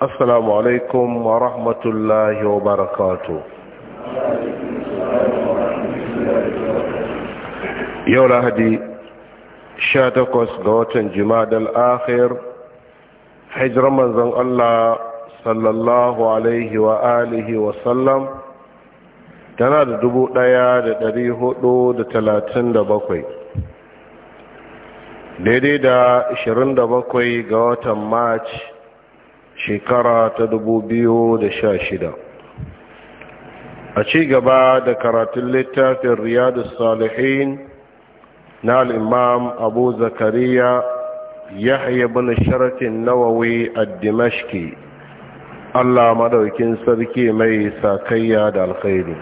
assalamu alaikum wa rahmatullahi wa barakatu yau lahadi sha 18 ga watan jimadal akhir hijirar manzon Allah sallallahu alaihi wa wa sallam tana da dubu ɗaya da ɗari huɗu da hudu talatin bakwai, daidai da 27 ga watan march shekara ta dubu biyu da sha shida. a ci gaba da karatun littafin riyadu salihin na al'imam abu zakariya yahya bin sharafin nawawi a dimashki allah madaukin sarki mai sakayya da alkhairu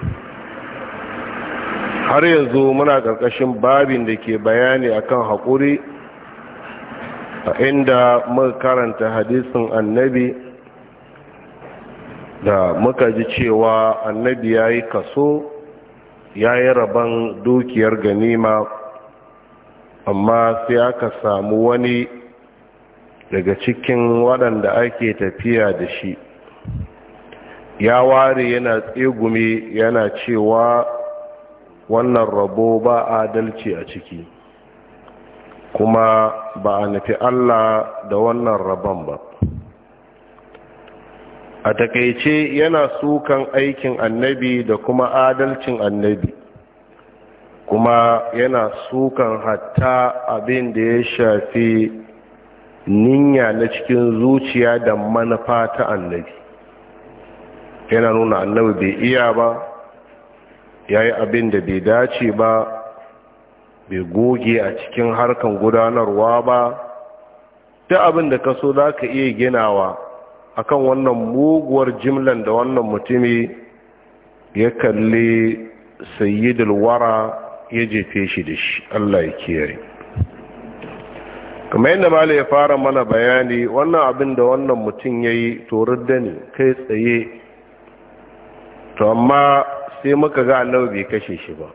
har yanzu muna ƙarƙashin babin da ke bayani akan haƙuri inda muka karanta hadisin annabi da muka ji cewa annabi ya yi kaso ya yi rabon dukiyar ganima amma sai aka samu wani daga cikin waɗanda ake tafiya da shi ya ware yana tsegumi yana cewa wannan rabo ba adalci a ciki kuma ba a nufi Allah da wannan rabon ba a takaice yana sukan aikin annabi da kuma adalcin annabi kuma yana sukan hatta abin da ya shafi ninya na cikin zuciya da manufa ta annabi yana nuna annabi bai iya ba ya yi abin da bai dace ba bai goge a cikin harkan gudanarwa ba ta abin da ka so za ka iya ginawa akan wannan muguwar jimlan da wannan mutumi ya kalli sayyidul wara ya jefe shi da shi Allah ya kiyaye kamar yadda mala ya fara mana bayani wannan abin da wannan mutum ya yi torar da ne kai tsaye to amma sai muka ga annabi bai kashe shi ba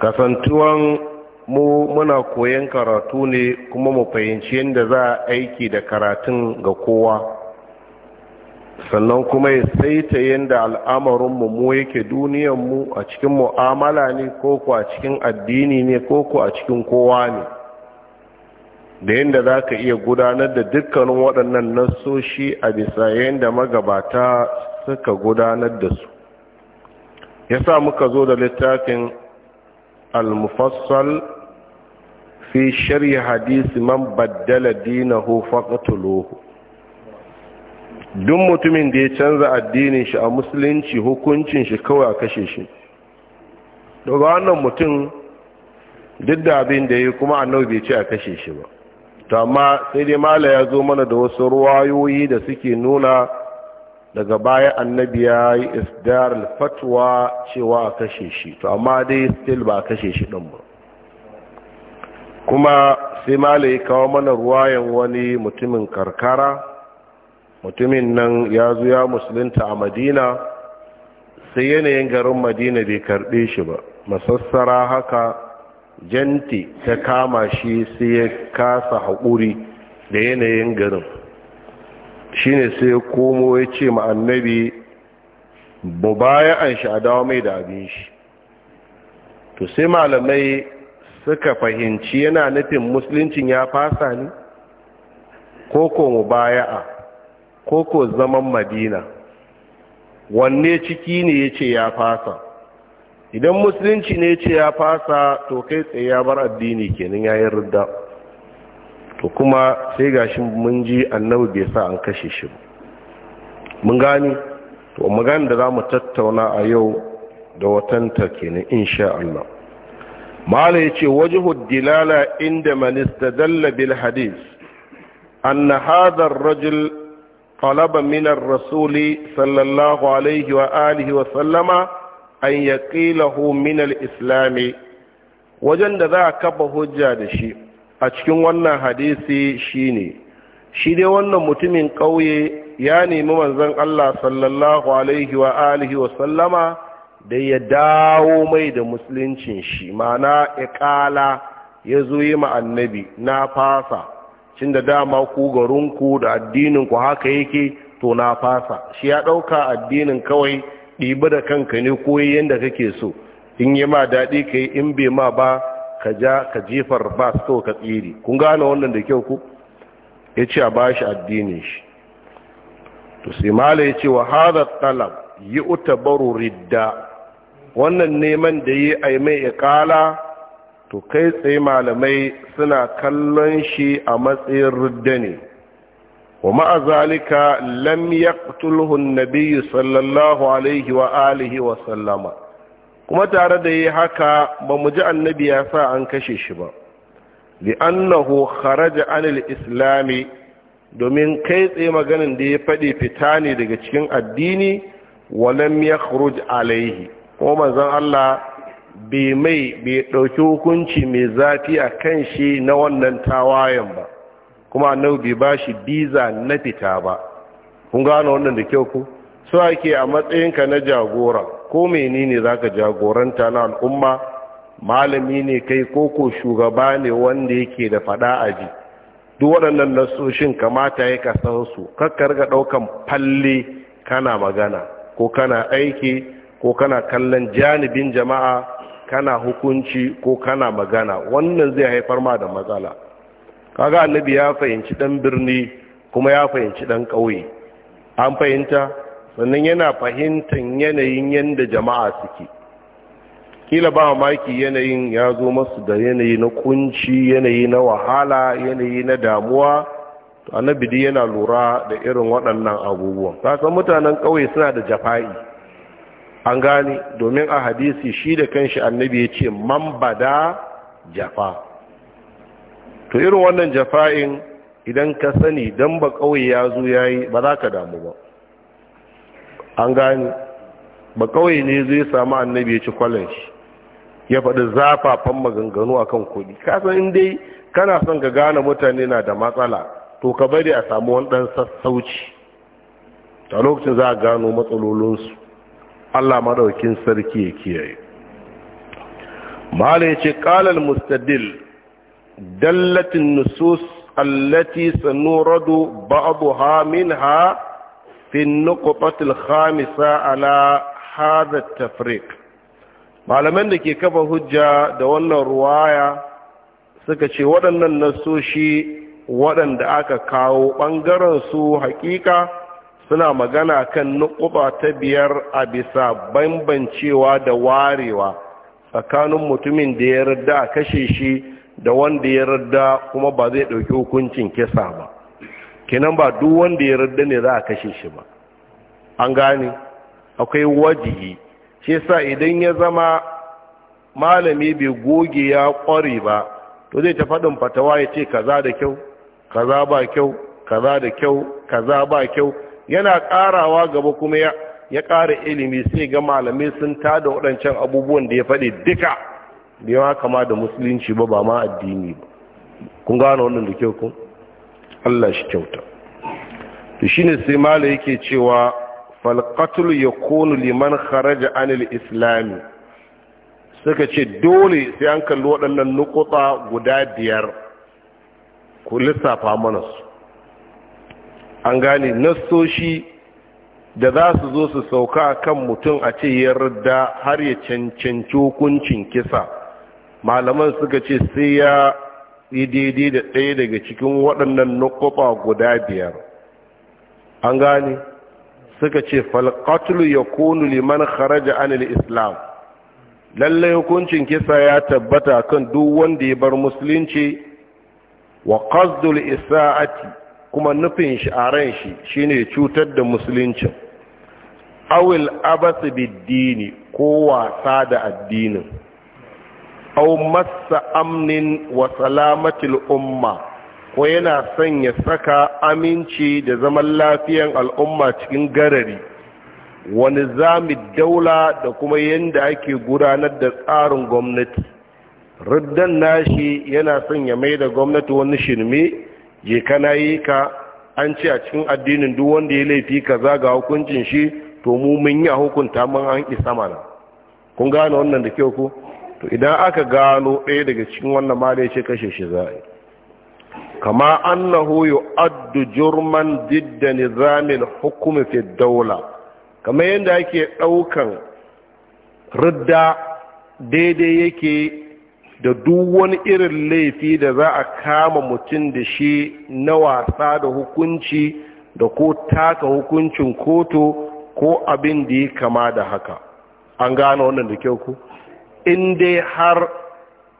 kasantuwan mu muna koyon karatu ne kuma mu fahimci yadda za a aiki da karatun ga kowa sannan kuma ya saita yadda al'amarinmu mu yake duniyanmu a cikin mu'amala ne ko ku a cikin addini ne ko ku a cikin kowa ne da yadda za ka iya gudanar da dukkanin waɗannan nasoshi a bisa yadda magabata suka gudanar da su ya sa muka zo da littafin al fi shari hadisi man baddala dinahu duk mutumin da ya canza addinin shi a musulunci hukuncin shi kawai a kashe shi daga wannan mutum duk da abin da ya kuma annabi bai ce a kashe shi ba to amma sai dai mala ya zo mana da wasu ruwayoyi da suke nuna daga baya annabi ya yi isdar fatwa cewa a kashe shi to amma dai still ba a kashe shi ɗin ba kuma sai ya kawo mana ruwayan wani mutumin karkara mutumin nan ya zo ya musulunta a madina sai yanayin garin madina bai karɓe shi ba masassara haka janti ta kama shi sai ya kasa haƙuri da yanayin garin shine sai ya komo ya ce ma annabi bu baya an shi a dawo mai da abin shi to sai malamai suka fahimci yana nufin musuluncin ya fasa ne koko mu baya ko koko zaman madina wanne ciki ne ya ce ya fasa idan musulunci ne ya ce ya fasa to kai tsaye ya bar addini kenan ya yi to kuma sai gashi mun ji annabi bai sa an kashe shi mun gani to magana da za mu tattauna a yau da watanta kenan insha Allah mala yace wajhud dilala inda man istadalla bil hadith anna hadha ar-rajul talaba min ar-rasul sallallahu alayhi wa alihi wa sallama an yaqilahu min al-islam wajen da za a kafa hujja da shi a cikin wannan hadisi shine shi dai wannan mutumin ƙauye ya nemi manzon Allah sallallahu alaihi wa alihi wa sallama da ya dawo mai da musuluncin shi mana iƙala ya zo yi ma annabi na fasa cin da dama ku garinku da addininku haka yake to na fasa shi ya ɗauka addinin kawai ɗibi da kanka ne ko yadda kake so in yi ma daɗi ka yi in bai ma ba ka ja ka jefar ba to ka tsiri kun gane wannan da kyau ku ya ce a ba shi addinin shi to sai mala ya ce wa hada talab yi baro ridda wannan neman da yi a mai ikala to kai tsaye malamai suna kallon shi a matsayin ridda ne wa ma'azalika lam yaqtulhu an-nabiy sallallahu alaihi wa alihi wa sallama kuma tare da yi haka ba mu ji annabi ya sa an kashe shi ba li'annahu kharaja anil islami domin kai tsaye maganin da ya faɗi fita ne daga cikin addini walam ya khruj alaihi kuma manzon Allah bai mai bai ɗauki hukunci mai zafi a kan shi na wannan tawayen ba kuma annabi bai ba shi biza na fita ba kun gano wannan da kyau ku so ake a matsayinka na jagora ko menene zaka jagoranta na al'umma malami ne kai ko ko shugaba ne wanda yake da fada aji duk waɗannan nasoshin kamata ya kasan su kakkar ga ɗaukan falle kana magana ko kana aiki ko kana kallon janibin jama'a kana hukunci ko kana magana wannan zai haifar ma da matsala kaga annabi ya fahimci dan birni kuma ya fahimci dan ƙauye an fahimta sannan yana fahimtar yanayin yadda jama'a suke kila ba maki yanayin ya zo masu da yanayi na kunci yanayi na wahala yanayi na damuwa to annabi dai yana lura da irin waɗannan abubuwan kasan mutanen ƙauye suna da jafa'i an gane domin a hadisi shi da kanshi annabi ya ce man bada jafa to irin wannan jafa'in idan ka sani dan ba ƙauye ya zo yayi ba za ka damu ba an gani ba kawai ne zai samu annabi ya ci kwallon shi ya faɗi zafafan maganganu a kan kuɗi kasan in dai kana son ka gane mutane na da matsala to ka bari a samu wani ɗan sassauci a lokacin za a gano matsalolinsu allah maɗaukin sarki ya kiyaye mahala ya ce ƙalal mustadil dallatin nusus allati ba abu ha min ha fi nuqtatil khamisa ala hadha tafriq malaman da ke kafa hujja da wannan ruwaya suka ce waɗannan nasoshi waɗanda aka kawo ɓangaren su hakika suna magana kan nukuba ta biyar a bisa bambancewa da warewa tsakanin mutumin da ya yarda a kashe shi da wanda ya yarda kuma ba zai ɗauki hukuncin kisa ba kenan ba duk wanda ya radda ne za a kashe shi ba an gane akwai wajihi shi sa idan ya zama malami bai goge ya ƙware ba to zai ta faɗin fatawa ya ce kaza da kyau kaza ba kyau kaza da kyau kaza ba kyau yana ƙarawa gaba kuma ya ya ƙara ilimi sai ga malamai sun tada waɗancan abubuwan da ya faɗi duka da yawa kama da musulunci ba ba ma addini ba kun gano wannan da kyau kun Allah shi kyauta to shine sai mala yake cewa falqatul yakunu liman kharaja anil islami suka ce dole sai an kalli waɗannan nukuta guda biyar ku lissafa mana su an gane nassoshi da za su zo su sauka kan mutum a ce yarda har ya cancanci hukuncin kisa malaman suka ce sai ya yi daidai da ɗaya daga cikin waɗannan nukuta guda biyar an gane suka ce ya yakunu liman kharaja anil islam lalle hukuncin kisa ya tabbata kan duk wanda ya bar musulunci wa qasdul isaati kuma nufin shi shi shine cutar da musuluncin awil abasu biddini ko wasa da addinin aw massa amnin wa salamatil umma ko yana son ya saka aminci da zaman lafiyan al'umma cikin garari wani zami daula da kuma yadda ake gudanar da tsarin gwamnati ruddan nashi yana son ya mai da gwamnati wani shirme je kana yi ka an ce a cikin addinin duk wanda ya laifi ka ga hukuncin shi to mu mun yi a hukunta mun an isa mana kun gane wannan da kyau ku to idan aka gano ɗaya daga cikin wannan ma ce kashe shi za yi kama annahu yu'addu jurman didda nizamin hukumi fi daula kamar yadda ake ɗaukan ridda daidai yake da duk wani irin laifi da za a kama mutum da shi na wasa da hukunci da ko taka hukuncin kotu ko abin da ya kama da haka an gane wannan da kyau ku in dai har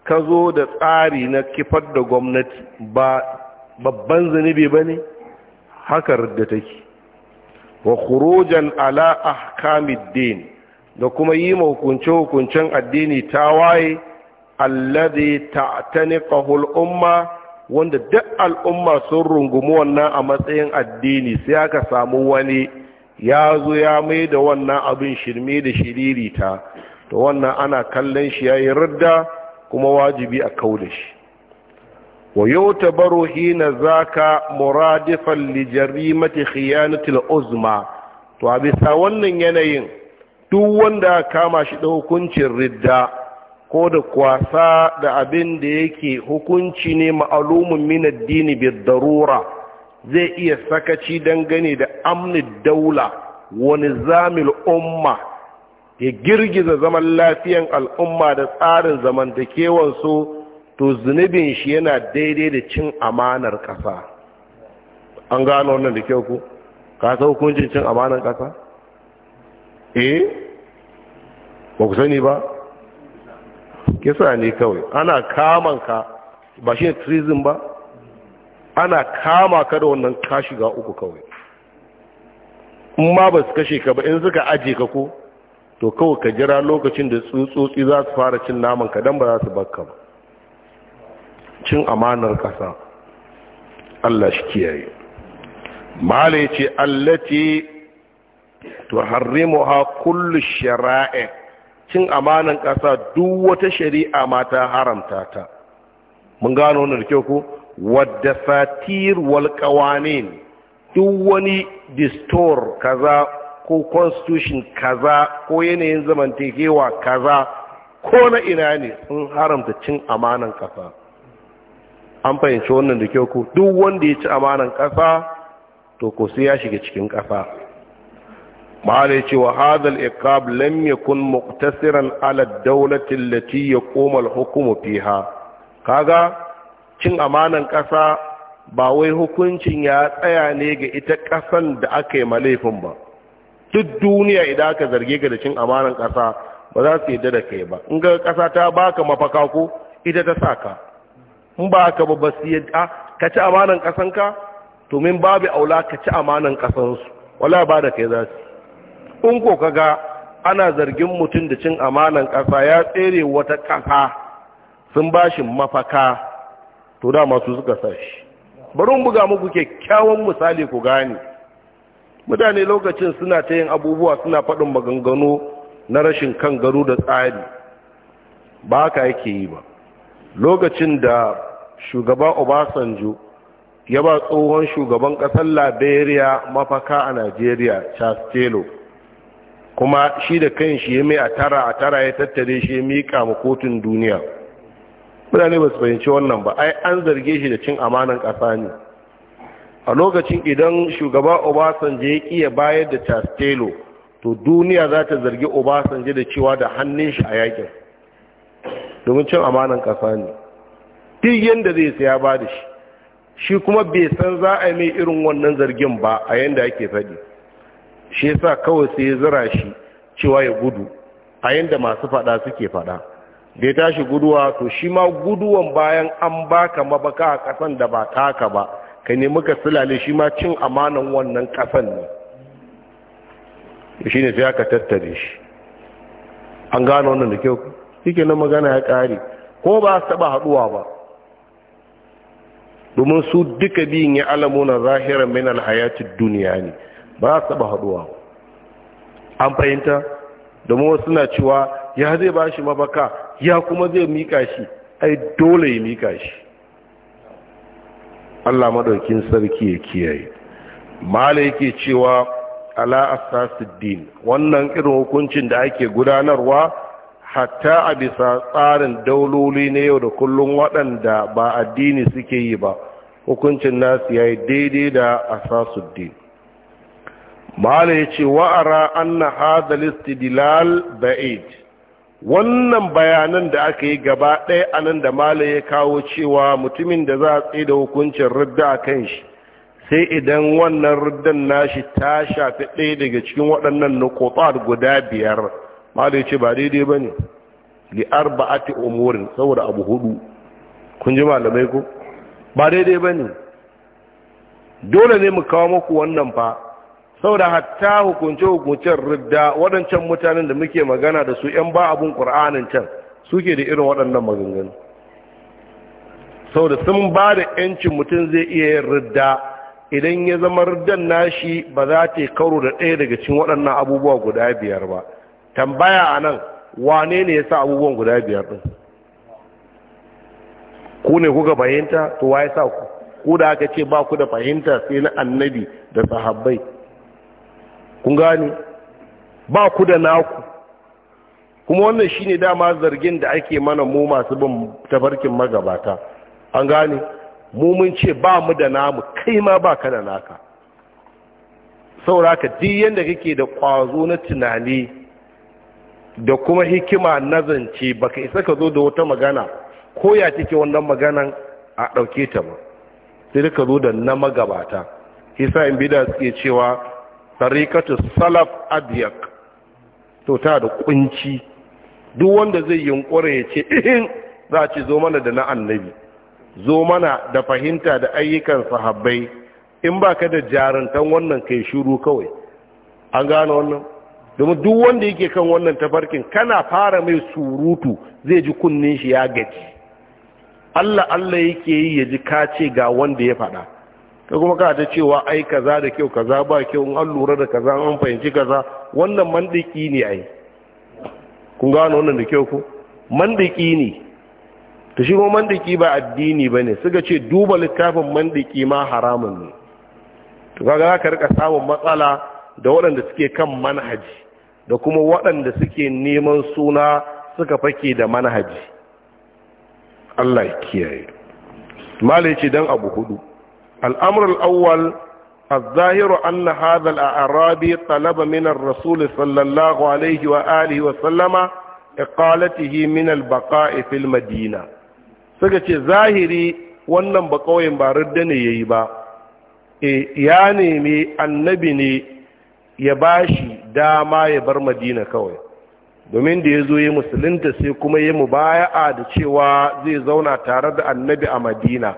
ka zo da tsari na kifar da gwamnati ba babban zunubi ba ne hakar da take wa khurujan ala ahkamid din da kuma yi ma hukunce-hukuncen addini ta waye alladhi ta'taniqahu al-umma wanda duk al'umma sun rungumi wannan a matsayin addini sai aka samu wani ya zo ya mai da wannan abin shirme da shiririta to wannan ana kallon shi yayin radda. kuma wajibi a kaule shi wa yau baro hina za zaka muradifan lijari mati khiyanatul uzma to a bisa wannan yanayin duk wanda kama shi da hukuncin ridda ko da kwasa da abin da yake hukunci ne ma'alumin min addini bi darura zai iya sakaci dangane da amnin daula wani zamil umma ya girgiza zaman lafiyan al'umma da tsarin zamantakewansu to zunubin shi yana daidai da cin amanar ƙasa an gano wannan da kyau ku ka sa hukuncin cin amanar ƙasa eh ba ku sani ba kisa ne kawai ana kaman ka ba shi treason ba ana kama ka da wannan ka shiga uku kawai in ma ba su kashe ka ba in suka aje ka ko to kawai ka jira lokacin da tsutsotsi za su fara cin naman ka don ba za su bakka ba cin amanar ƙasa Allah shi kiyaye ce ya ce allati ha kullu shara'i cin amanan ƙasa duk wata shari'a ma ta haramta ta mun gano wannan kyau ko wadda satir wal qawanin duk wani distor kaza ko constitution kaza ko yanayin zamantakewa kaza ko na ina ne sun haramta cin amanan kasa an fahimci wannan da kyau ko duk wanda ya ci amanan kasa to ko sai ya shiga cikin kasa ma'ala ce wa hadal iqab lam yakun muqtasiran ala dawlati allati yaqum al-hukm fiha kaga cin amanan kasa ba wai hukuncin ya tsaya ne ga ita kasan da aka yi malefin ba duk duniya idan aka zarge ka da cin amanan ƙasa ba za su yadda da kai ba in ga ƙasa ta baka mafaka ko ita ta saka in ba ka ba su yadda ka ci amanan ka to min babu aula ka ci amanan ƙasansu wala ba da kai za su in ko ka ga ana zargin mutum da cin amanan ƙasa ya tsere wata ƙasa sun ba shi mafaka to da masu suka sa shi bari buga muku kyakkyawan misali ku gane mutane lokacin suna ta yin abubuwa suna faɗin maganganu na rashin kan garu da tsari ba haka yake yi ba lokacin da shugaba obasanjo ya ba tsohon shugaban ƙasar liberia mafaka a Najeriya, charles Telo, kuma shi da kan shi ya mai a tara a tara ya tattare shi ya miƙa ma kotun duniya mutane ba su fahimci wannan ba ai an zarge shi da cin amanan ƙasa ne a lokacin idan shugaba obasanje ya iya bayar da castello to duniya za ta zargi obasanje da cewa da hannun shi a yakin domin cin amanan kasa ne duk yadda zai saya ba da shi shi kuma bai san za a yi mai irin wannan zargin ba a yadda ake faɗi shi yasa kawai sai ya zira shi cewa ya gudu a yadda masu faɗa suke faɗa da ya tashi guduwa to shi ma guduwan bayan an baka mabaka a ƙasan da ba taka ba ka ne ka silale shi ma cin amanan wannan kasan ne shi ne sai aka tattare shi an gano wannan da kyau shi na magana ya ƙare ko ba su taɓa haɗuwa ba domin su duka biyun ya alamu na zahirar min alhayatun duniya ne ba su taɓa haɗuwa an fahimta domin wasu na cewa ya zai ba shi mafaka ya kuma zai mika shi ai dole ya mika shi Allah madaukin sarki ya kiyaye mala yake cewa ala asasuddin wannan irin hukuncin da ake gudanarwa hatta a bisa tsarin dauloli na yau da kullum waɗanda ba addini suke yi ba hukuncin nasu ya yi daidai da asasuddin mala ya ce wa'ara an na hadalistidilal ba'id wannan bayanan da aka yi gaba ɗaya a nan da mala ya kawo cewa mutumin da za a tsaye da hukuncin rudda a kan shi sai idan wannan ruddan nashi ta shafi ɗaya daga cikin waɗannan nukotar guda biyar mala ya ce ba daidai ba ne li'ar ba a ta umurin saboda abu hudu kun ji malamai ko ba daidai ba ne dole ne mu kawo maku wannan fa saboda hatta hukunce hukuncen ridda waɗancan mutanen da muke magana da su ‘yan ba abin ƙur'anin can suke da irin waɗannan maganganu saboda sun ba da ‘yancin mutum zai iya yin ridda idan ya zama riddan nashi ba za ta karo da ɗaya daga cikin waɗannan abubuwa guda biyar ba tambaya a nan wane ne ya sa abubuwan guda biyar ɗin ku ne kuka fahimta to wa sa ku ku da aka ce ba ku da fahimta sai na annabi da sahabbai kun gane ba ku da naku kuma wannan shine dama zargin da ake mana mu masu bin tafarkin magabata an gane mu mun ce ba mu da namu kai ma ba ka da naka sauraka duk yanda kake da kwazo na tunani da kuma hikima na zance baka isa ka zo da wata magana ko ya take wannan maganan a ɗauke ta ba sai ka zo da na magabata yasa in bida suke cewa tariƙatu salaf adiyak to ta da kunci duk wanda zai yunkura ya ce ihin za a ce zo mana da na annabi zo mana da fahimta da ayyukan sahabbai in ba ka da jarantar wannan kai shiru kawai an gano wannan domin duk wanda yake kan wannan tafarkin kana fara mai surutu zai ji kunnin shi ya gaji Allah Allah yake yi ya ji kace ga wanda ya faɗa kai kuma ka ta cewa ai kaza da kyau kaza ba kyau an lura da kaza an fahimci kaza wannan mandiki ne ai kun gano wannan da kyau ko mandiki ne to shi kuma mandiki ba addini bane suka ce duba littafin mandiki ma haramun ne to kaga ka rika samun matsala da waɗanda suke kan manhaji da kuma waɗanda suke neman suna suka fake da manhaji Allah ya kiyaye malai ce dan abu hudu الأمر الأول الظاهر أن هذا الأعرابي طلب من الرسول صلى الله عليه وآله وسلم إقالته من البقاء في المدينة سكتي ظاهري wannan ba kawai ba rudda ne yayi ba Eh ya nemi annabi ne ya bashi dama ya bar madina kawai domin da ya zo ya musulunta sai kuma ya mubaya'a da cewa zai zauna tare da annabi a madina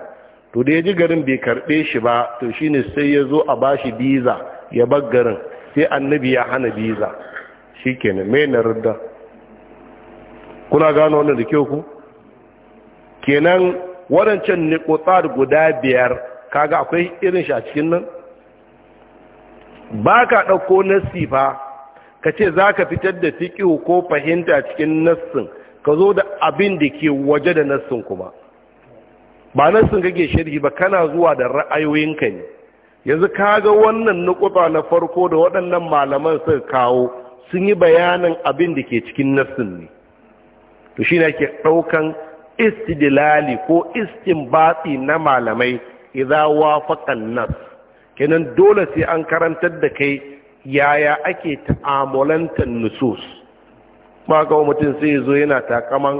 to da ya ji garin bai karɓe shi ba to shi ne sai ya zo a bashi biza ya bar garin sai annabi ya hana biza shi ke kenan mai na rudda kuna gano wannan da kyau ku kenan waɗancan nikotsar guda biyar kaga akwai irin shi a cikin nan ba ka ɗauko nassi ba ka ce za ka fitar da fiƙi ko fahimta cikin nassin ka zo da abin da ke waje da nassin kuma ba nan sun kake shirhi ba kana zuwa da ra'ayoyinka ne yanzu ka ga wannan nukuta na farko da waɗannan malaman suka kawo sun yi bayanin abin da ke cikin nassin ne to shi ne ke ɗaukan istidilali ko batsi na malamai idan wafaqan nas kenan dole sai an karantar da kai yaya ake ta'amulantar nusus ba ga mutum sai zo yana takaman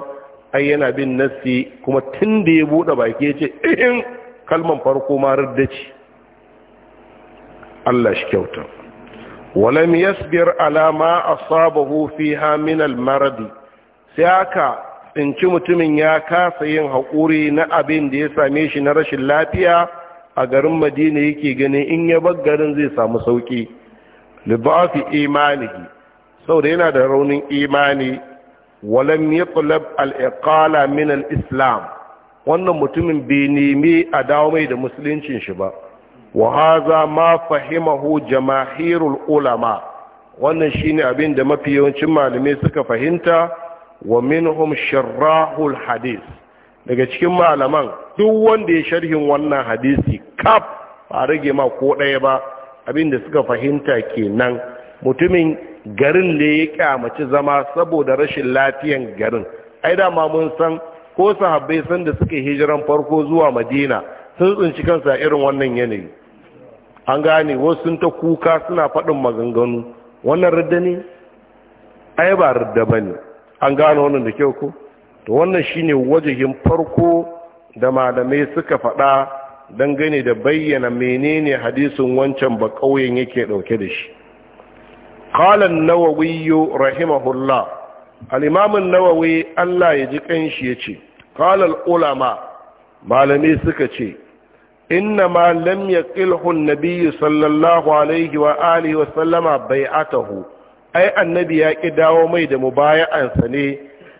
ai yana bin nassi kuma tun da ya buɗe baki ya ce ihin kalman farko ma radda ce Allah shi kyauta walam yasbir ala ma asabahu fiha min al maradi sai aka tsinci mutumin ya kasa yin haƙuri na abin da ya same shi na rashin lafiya a garin madina yake ganin in ya bar garin zai samu sauki libafi imanihi saboda yana da raunin imani walam yatlab al-iqala min al-islam wannan mutumin bai nemi a dawo mai da musuluncin shi ba wa haza ma fahimahu jamahirul ulama wannan shine abin da mafi yawancin malamai suka fahimta wa minhum sharrahul hadis daga cikin malaman duk wanda ya sharhin wannan hadisi kaf ba rage ma ko ɗaya ba abin da suka fahimta kenan mutumin garin ne ya kyamaci zama saboda rashin lafiyan garin ai dama mun san ko sahabbai san da suka hijiran farko zuwa madina sun tsinci kansa irin wannan yanayi an gane wasu sun ta kuka suna faɗin maganganu wannan ridda ne ai ba ridda ba ne an gane wannan da kyau ko to wannan shine wajihin farko da malamai suka faɗa dangane da bayyana menene hadisin wancan ba ƙauyen yake ɗauke da shi qala an-nawawi rahimahullah al-imam an-nawawi Allah ya ji kanshi yace qala ulama malami suka ce inna ma ya yaqilhu an-nabiy sallallahu alaihi wa alihi wa sallama bai'atahu ai annabi ya ki dawo mai da mubaya'ansa ne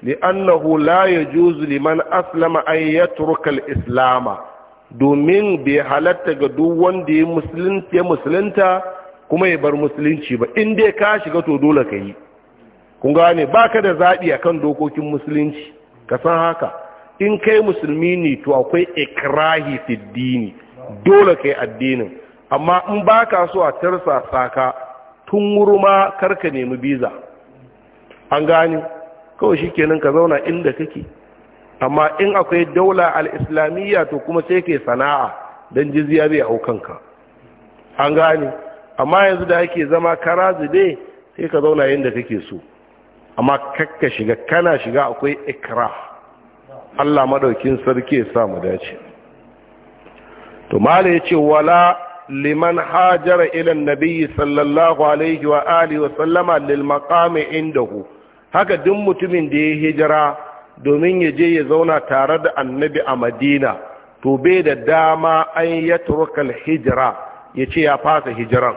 li'annahu la yajuzu liman aslama an yatruka al-islama domin bai halarta ga duk wanda ya musulunta kuma ya bar musulunci ba in dai ka shiga to dole ka yi kun gane ba ka da zaɓi a kan dokokin musulunci ka san haka in kai musulmi ne to akwai ikrahi fiddini dole ka yi addinin amma in ba ka so a tarsa saka tun wurma karka nemi biza an gane kawai shi kenan ka zauna inda kake amma in akwai daula al-islamiyya to kuma sai ke sana'a don jizya zai hau kanka an gane amma yanzu da ake zama kara zube sai ka zauna yadda kake so amma kakka shiga kana shiga akwai ikra Allah madaukin sarki ya sa dace to mala yace wala liman hajara ila annabi sallallahu alaihi wa alihi wa sallama lil maqami indahu haka duk mutumin da ya hijira domin ya je ya zauna tare da annabi a Madina to bai da dama an yatruka al hijra ya ce ya fasa hijiran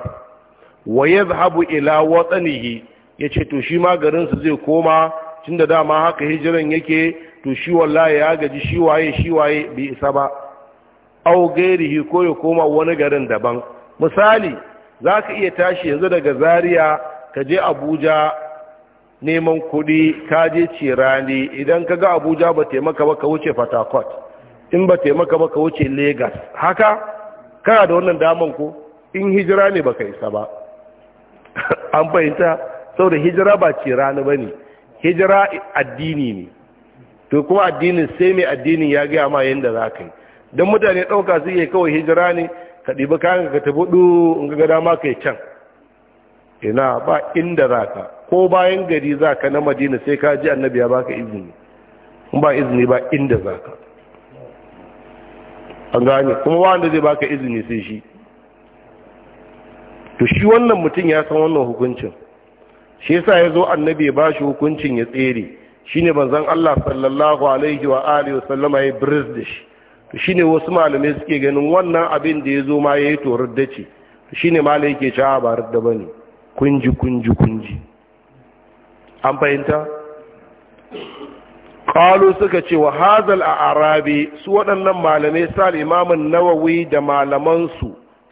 wa ya zahabu ila watsanihi ya ce to shi ma garinsu zai koma cin da dama haka hijiran yake to shi wallahi ya gaji shi waye shi waye bai isa ba au gairihi ko ya koma wani garin daban misali za ka iya tashi yanzu daga zaria ka je abuja neman kuɗi ka je cirani idan ka ga abuja ba taimaka ba ka wuce fatakot in ba taimaka ba ka wuce lagos haka kana da wannan daman ko in hijira ne baka isa ba an fahimta saboda hijira ba ce rana ba ne hijira addini ne to kuma addinin sai mai addini ya gaya ma yadda za ka yi don mutane ɗauka su iya kawai hijira ne ka ɗibi kayan ka tafi ɗu in ga dama ka yi can ina ba inda za ka ko bayan gari za ka na madina sai ka ji annabi ya baka izini in ba izini ba inda za ka an gane kuma wanda zai baka izini sai shi to shi wannan mutum ya san wannan hukuncin shi yasa ya zo annabi ya bashi hukuncin ya tsere shine banzan Allah sallallahu alaihi wa alihi wa sallama ya da shi to shine wasu malamai suke ganin wannan abin da ya zo ma yayi torar da ce to shine malai yake cewa ba rudda bane kunji kunji kunji an fahimta qalu suka ce wa a arabi su waɗannan malamai sal imamun nawawi da malamansu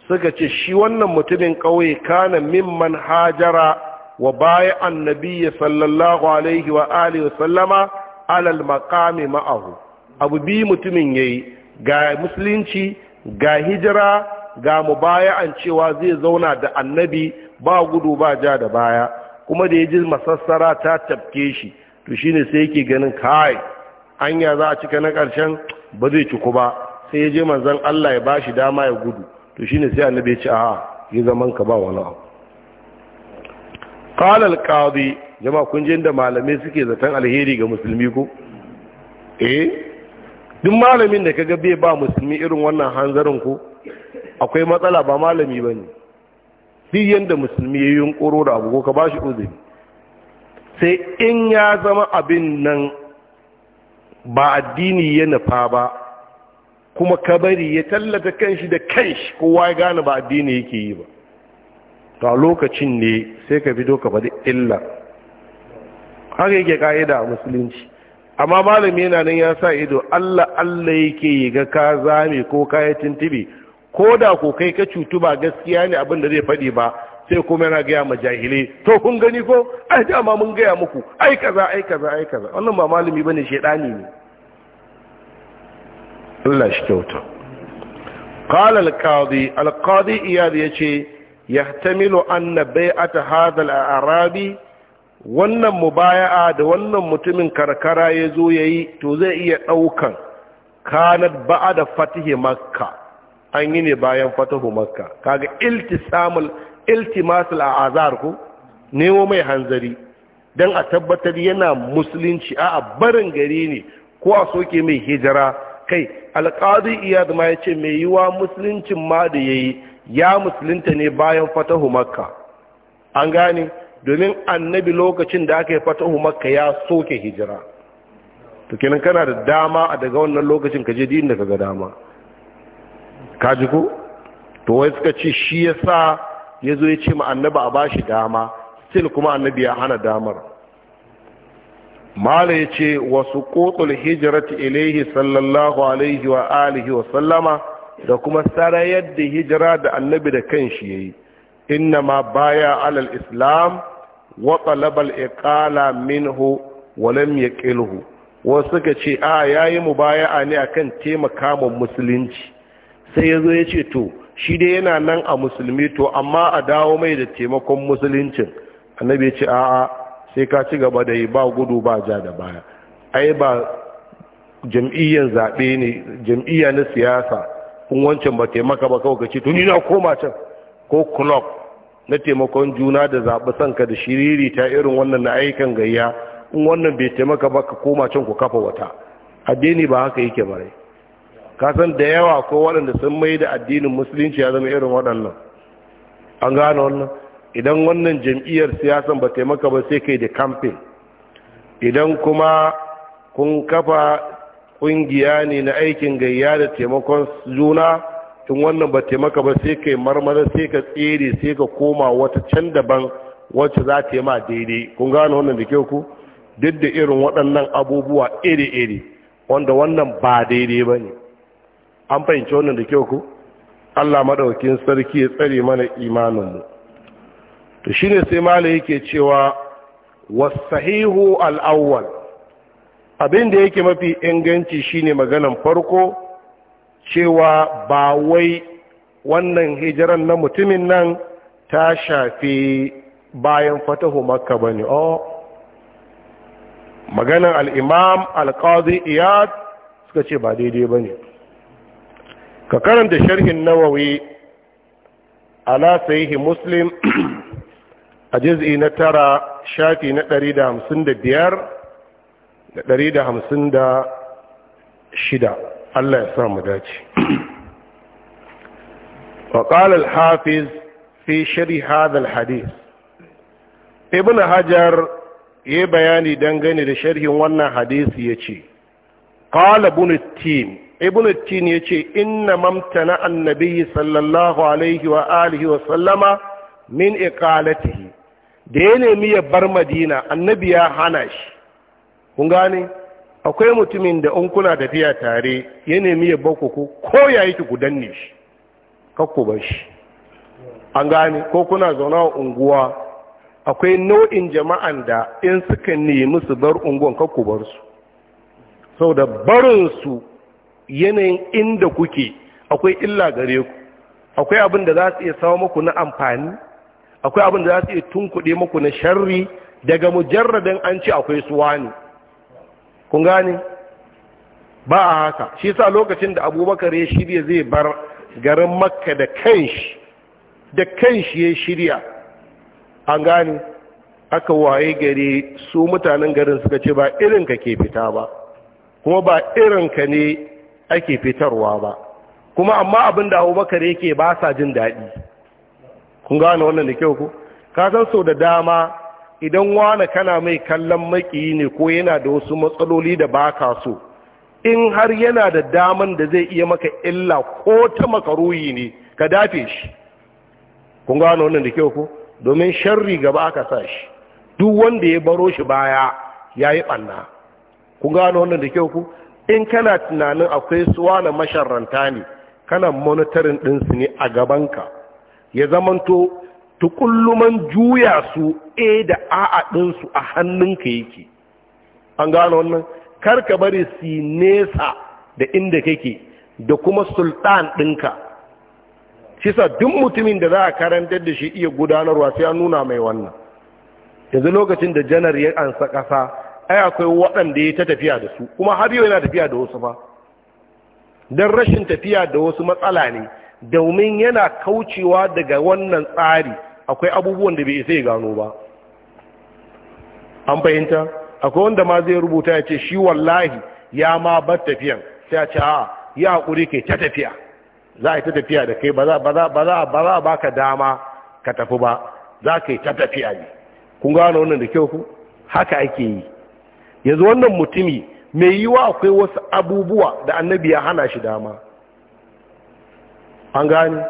suka ce shi wannan mutumin ƙauye kana mimman hajara wa baya annabi sallallahu alaihi wa alihi wa sallama alal maqami ma'ahu abu bi mutumin yayi ga musulunci ga hijira ga mubaya'an cewa zai zauna da annabi ba gudu ba ja da baya kuma da ya ji masassara ta tafke shi to shi ne sai yake ganin kai anya za a cika na ƙarshen ba zai ciku ba sai ya je manzan Allah ya bashi dama ya gudu to shi ne sai annabi ya ci a yi zaman ka ba wani abu qala al jama jama'a kun je da malamai suke zaton alheri ga musulmi ko eh duk malamin da kaga bai ba musulmi irin wannan hanzarin ko akwai matsala ba malami ba ne, duk yanda musulmi ya yi yunkuro da abu ko ka ba shi uzuri sai in ya zama abin nan ba addini ya nufa ba kuma kabari ya tallata kanshi da kanshi kowa ya gane ba addini yake yi ba ta lokacin ne sai ka fito ka faɗi illa haka yake ka'ida a musulunci amma malami yana nan ya sa ido allah allah yake yi ga ka zame ko yi tibi ko da ko kai ka cutu ba gaskiya ne abin da zai faɗi ba sai kuma yana gaya ma jahilai to kun gani ko ai dama mun gaya muku ai kaza ai kaza ai kaza wannan ba malami bane shedani ne Allah shi kyauta qala al-qadi al-qadi iyad yace yahtamilu anna bai'ata hadha al-arabi wannan mubaya'a da wannan mutumin karkara ya zo yayi to zai iya daukan kanat ba'da fatihi makkah an yi ne bayan fatahu makkah kaga iltisamul iltimasul azar ko nemo mai hanzari don a tabbatar yana musulunci a barin gari ne ko a soke mai hijira kai alƙadi iyad ma ya ce mai yiwa musuluncin ma da ya yi ya musulunta ne bayan fatahu makka an gane domin annabi lokacin da aka yi fatahu makka ya soke hijira to kenan kana da dama a daga wannan lokacin ka je din da ga dama ka ji ko to wai suka ce shi yasa ya zo ya ce ma annabi a bashi dama sil kuma annabi ya hana damar mala ya ce wasu kotul hijirati ilaihi sallallahu alaihi wa alihi wa sallama da kuma sarayar da hijira da annabi da kan shi ya yi inna ma baya alal islam wa talabal iqala minhu wa lam yaqilhu wasu suka ce a yayi mubaya'a ne a kan taimaka musulunci sai yazo ya ce to shi dai yana nan a musulmi to amma a dawo mai da taimakon musuluncin annabi ce a'a sai ka ci gaba da yi ba gudu ba ja da baya ai ba jam'iyyar zaɓe ne jam'iyya na siyasa kun wancan ba taimaka ba kawai ka tuni na koma can ko club na taimakon juna da zaɓi sanka da shiriri ta irin wannan na ayyukan gayya in wannan bai taimaka ba ka koma can ku kafa wata addini ba haka yake bare kasan da yawa ko waɗanda sun mai da addinin musulunci ya zama irin waɗannan an gane wannan idan wannan jam'iyyar siyasan ba taimaka ba sai kai da kamfin idan kuma kun kafa ƙungiya ne na aikin gayya da taimakon juna tun wannan ba taimaka ba sai kai marmara sai ka tsere sai ka koma wata can daban wacce za ta yi ma daidai kun gane wannan da kyau ku duk da irin waɗannan abubuwa iri-iri wanda wannan ba daidai ba ne an fahimci wannan da kyau ku Allah madaukakin sarki ya tsare mana imaninmu to shine sai malai yake cewa wasahihu al-awwal abin da yake mafi inganci shine maganan farko cewa ba wai wannan hijiran na mutumin nan ta shafi bayan fatahu makka bane oh maganan al-imam al-qadi iyad suka ce ba daidai bane ka karanta sharhin nawawi ala sahihi muslim a juz'i na tara shafi na ɗari da hamsin da biyar da ɗari da hamsin da shida Allah ya samu dace وقال الحافظ في شرح هذا الحديث ابن حجر yi bayani dangane da sharhin wannan hadisi ya ce ƙala bunistin ibn tin ya ce inna mamtana annabi sallallahu alaihi wa alihi wa sallama min iqalatihi da ya nemi ya bar madina annabi ya hana shi kun gane akwai mutumin da in kuna tafiya tare ya nemi ya bar ku ko ya yi ki danne shi kakku bar shi an gane ko kuna zauna a unguwa akwai nau'in jama'an da in suka nemi su bar unguwan kakku bar su sau da barinsu yanayin inda kuke akwai illa gare ku akwai abin da za su iya samu muku na amfani akwai abin da za su iya tunkuɗe muku na sharri daga mujarradin an ce akwai suwa ne kun gane ba a haka shi sa lokacin da abubakar ya shirya zai bar garin makka da kanshi da kanshi ya shirya an gane aka waye gare su mutanen garin suka ce ba irinka ke fita ba kuma ba irinka ne ake fitarwa ba kuma amma abin da abubakar yake ba sa jin daɗi kun gane wannan da kyau ku ka san sau da dama idan wani kana mai kallon makiyi ne ko yana da wasu matsaloli da ba ka so in har yana da daman da zai iya maka illa ko ta makaruyi ne ka dafe shi kun gano wannan da kyau ku domin sharri gaba aka sa shi duk wanda ya baro shi baya ya yi ɓanna kun gano wannan da kyau ku. in kana tunanin akwai suwa na masharranta ne kana monitorin ɗinsu ne a gabanka ya zamanto tukulluman juya su a da a ɗinsu a hannunka yake an gano wannan karka bari su nesa da inda kake da kuma sultan ɗinka shi sa duk mutumin da za a karantar da shi iya gudanarwa sai an nuna mai wannan yanzu lokacin da janar ya ansa ƙasa ai akwai waɗanda ya ta tafiya da su kuma har yau yana tafiya da wasu ba don rashin tafiya da wasu matsala ne domin yana kaucewa daga wannan tsari akwai abubuwan da bai sai gano ba an fahimta akwai wanda ma zai rubuta ya ce shi wallahi ya ma bar tafiyan sai a ce a ya haƙuri ke ta tafiya za a yi ta tafiya da kai ba za a baka dama ka tafi ba za ka yi ta tafiya ne kun gano wannan da kyau ku haka ake yi yanzu wannan mutumi mai yiwa akwai wasu abubuwa da annabi ya hana shi dama an gani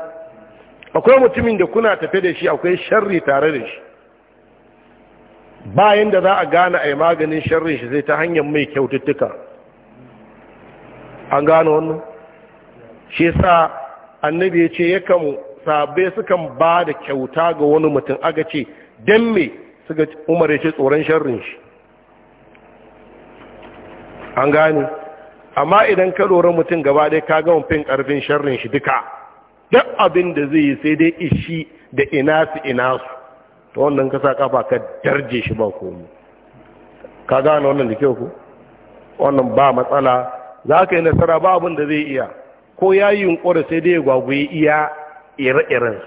akwai mutumin da kuna tafe da shi akwai sharri tare da shi bayan da za a gane a yi maganin sharrin shi zai ta hanyar mai kyaututtuka an gano wannan shi sa annabi ya ce yakan sabe sukan ba da kyauta ga wani mutum aka ce don me suka umar ya ce tsoron sharrin shi an gane amma idan ka lura mutum gaba ɗaya ka ga fin ƙarfin sharrin shi duka duk abin da zai yi sai dai ishi da ina su ina su ta wannan ka sa kafa ka darje shi ba komai ka gane wannan da kyau ku wannan ba matsala za ka yi nasara ba abin da zai iya ko ya yi yunƙura sai dai gwagwaye iya ire-iren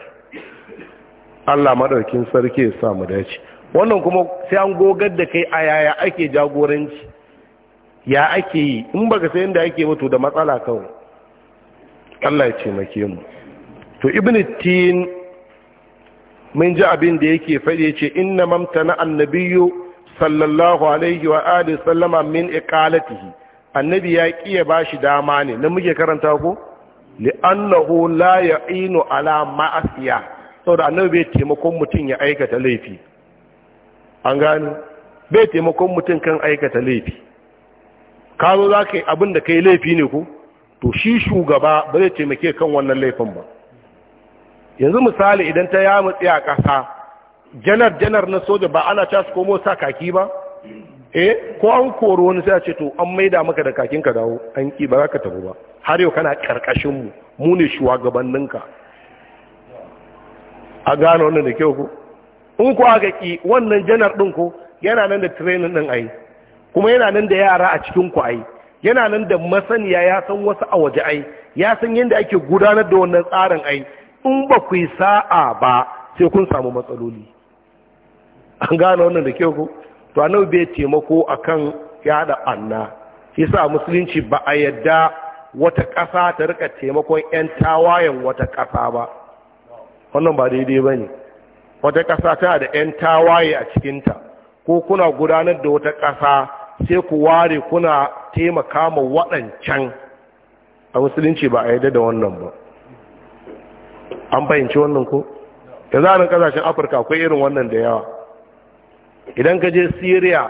Allah madaukin sarki ya samu dace wannan kuma sai an gogar da kai a yaya ake jagoranci ya ake yi in baka sai inda ake wato da matsala kawai Allah ya ce make mu to ibn tin mun ji abin da yake faɗi yace inna mamtana annabiyyu sallallahu alaihi wa alihi sallama min iqalatihi annabi ya kiya bashi dama ne nan muke karanta ko annahu la ya'inu ala ma'asiya saboda annabi bai taimakon mutum ya aikata laifi an gano bai taimakon mutum kan aikata laifi ka zo za ka yi abin da ka yi laifi ne ku? to shi shugaba ba zai taimake kan wannan laifin ba yanzu misali idan ta ya mutse a ƙasa janar janar na soja ba ana ta su komo sa kaki ba eh ko an koro wani sai a ce to an maida maka da kakin ka dawo an ki ba za ka tafi ba har yau kana karkashin mu mu ne shugabanninka a gano wannan da kyau ku. in ku aka ki wannan janar ɗinku, ko yana nan da training din ai kuma yana nan da yara a cikin ku ai yana nan da masaniya ya san wasu a waje ai ya san yadda ake gudanar da wannan tsarin ai in ba ku yi sa'a ba sai kun samu matsaloli an gane wannan da kyau ku to annabi bai taimako akan yada anna shi musulunci ba a yadda wata ƙasa ta rika taimakon 'yan tawayen wata ƙasa ba wannan ba daidai ba ne wata ƙasa tana da 'yan tawaye a cikinta ko kuna gudanar da wata ƙasa sai ku ware kuna taimaka ma waɗancan a musulunci ba a yadda da wannan ba an fahimci wannan ko da zanen kasashen afirka akwai irin wannan da yawa idan ka je syria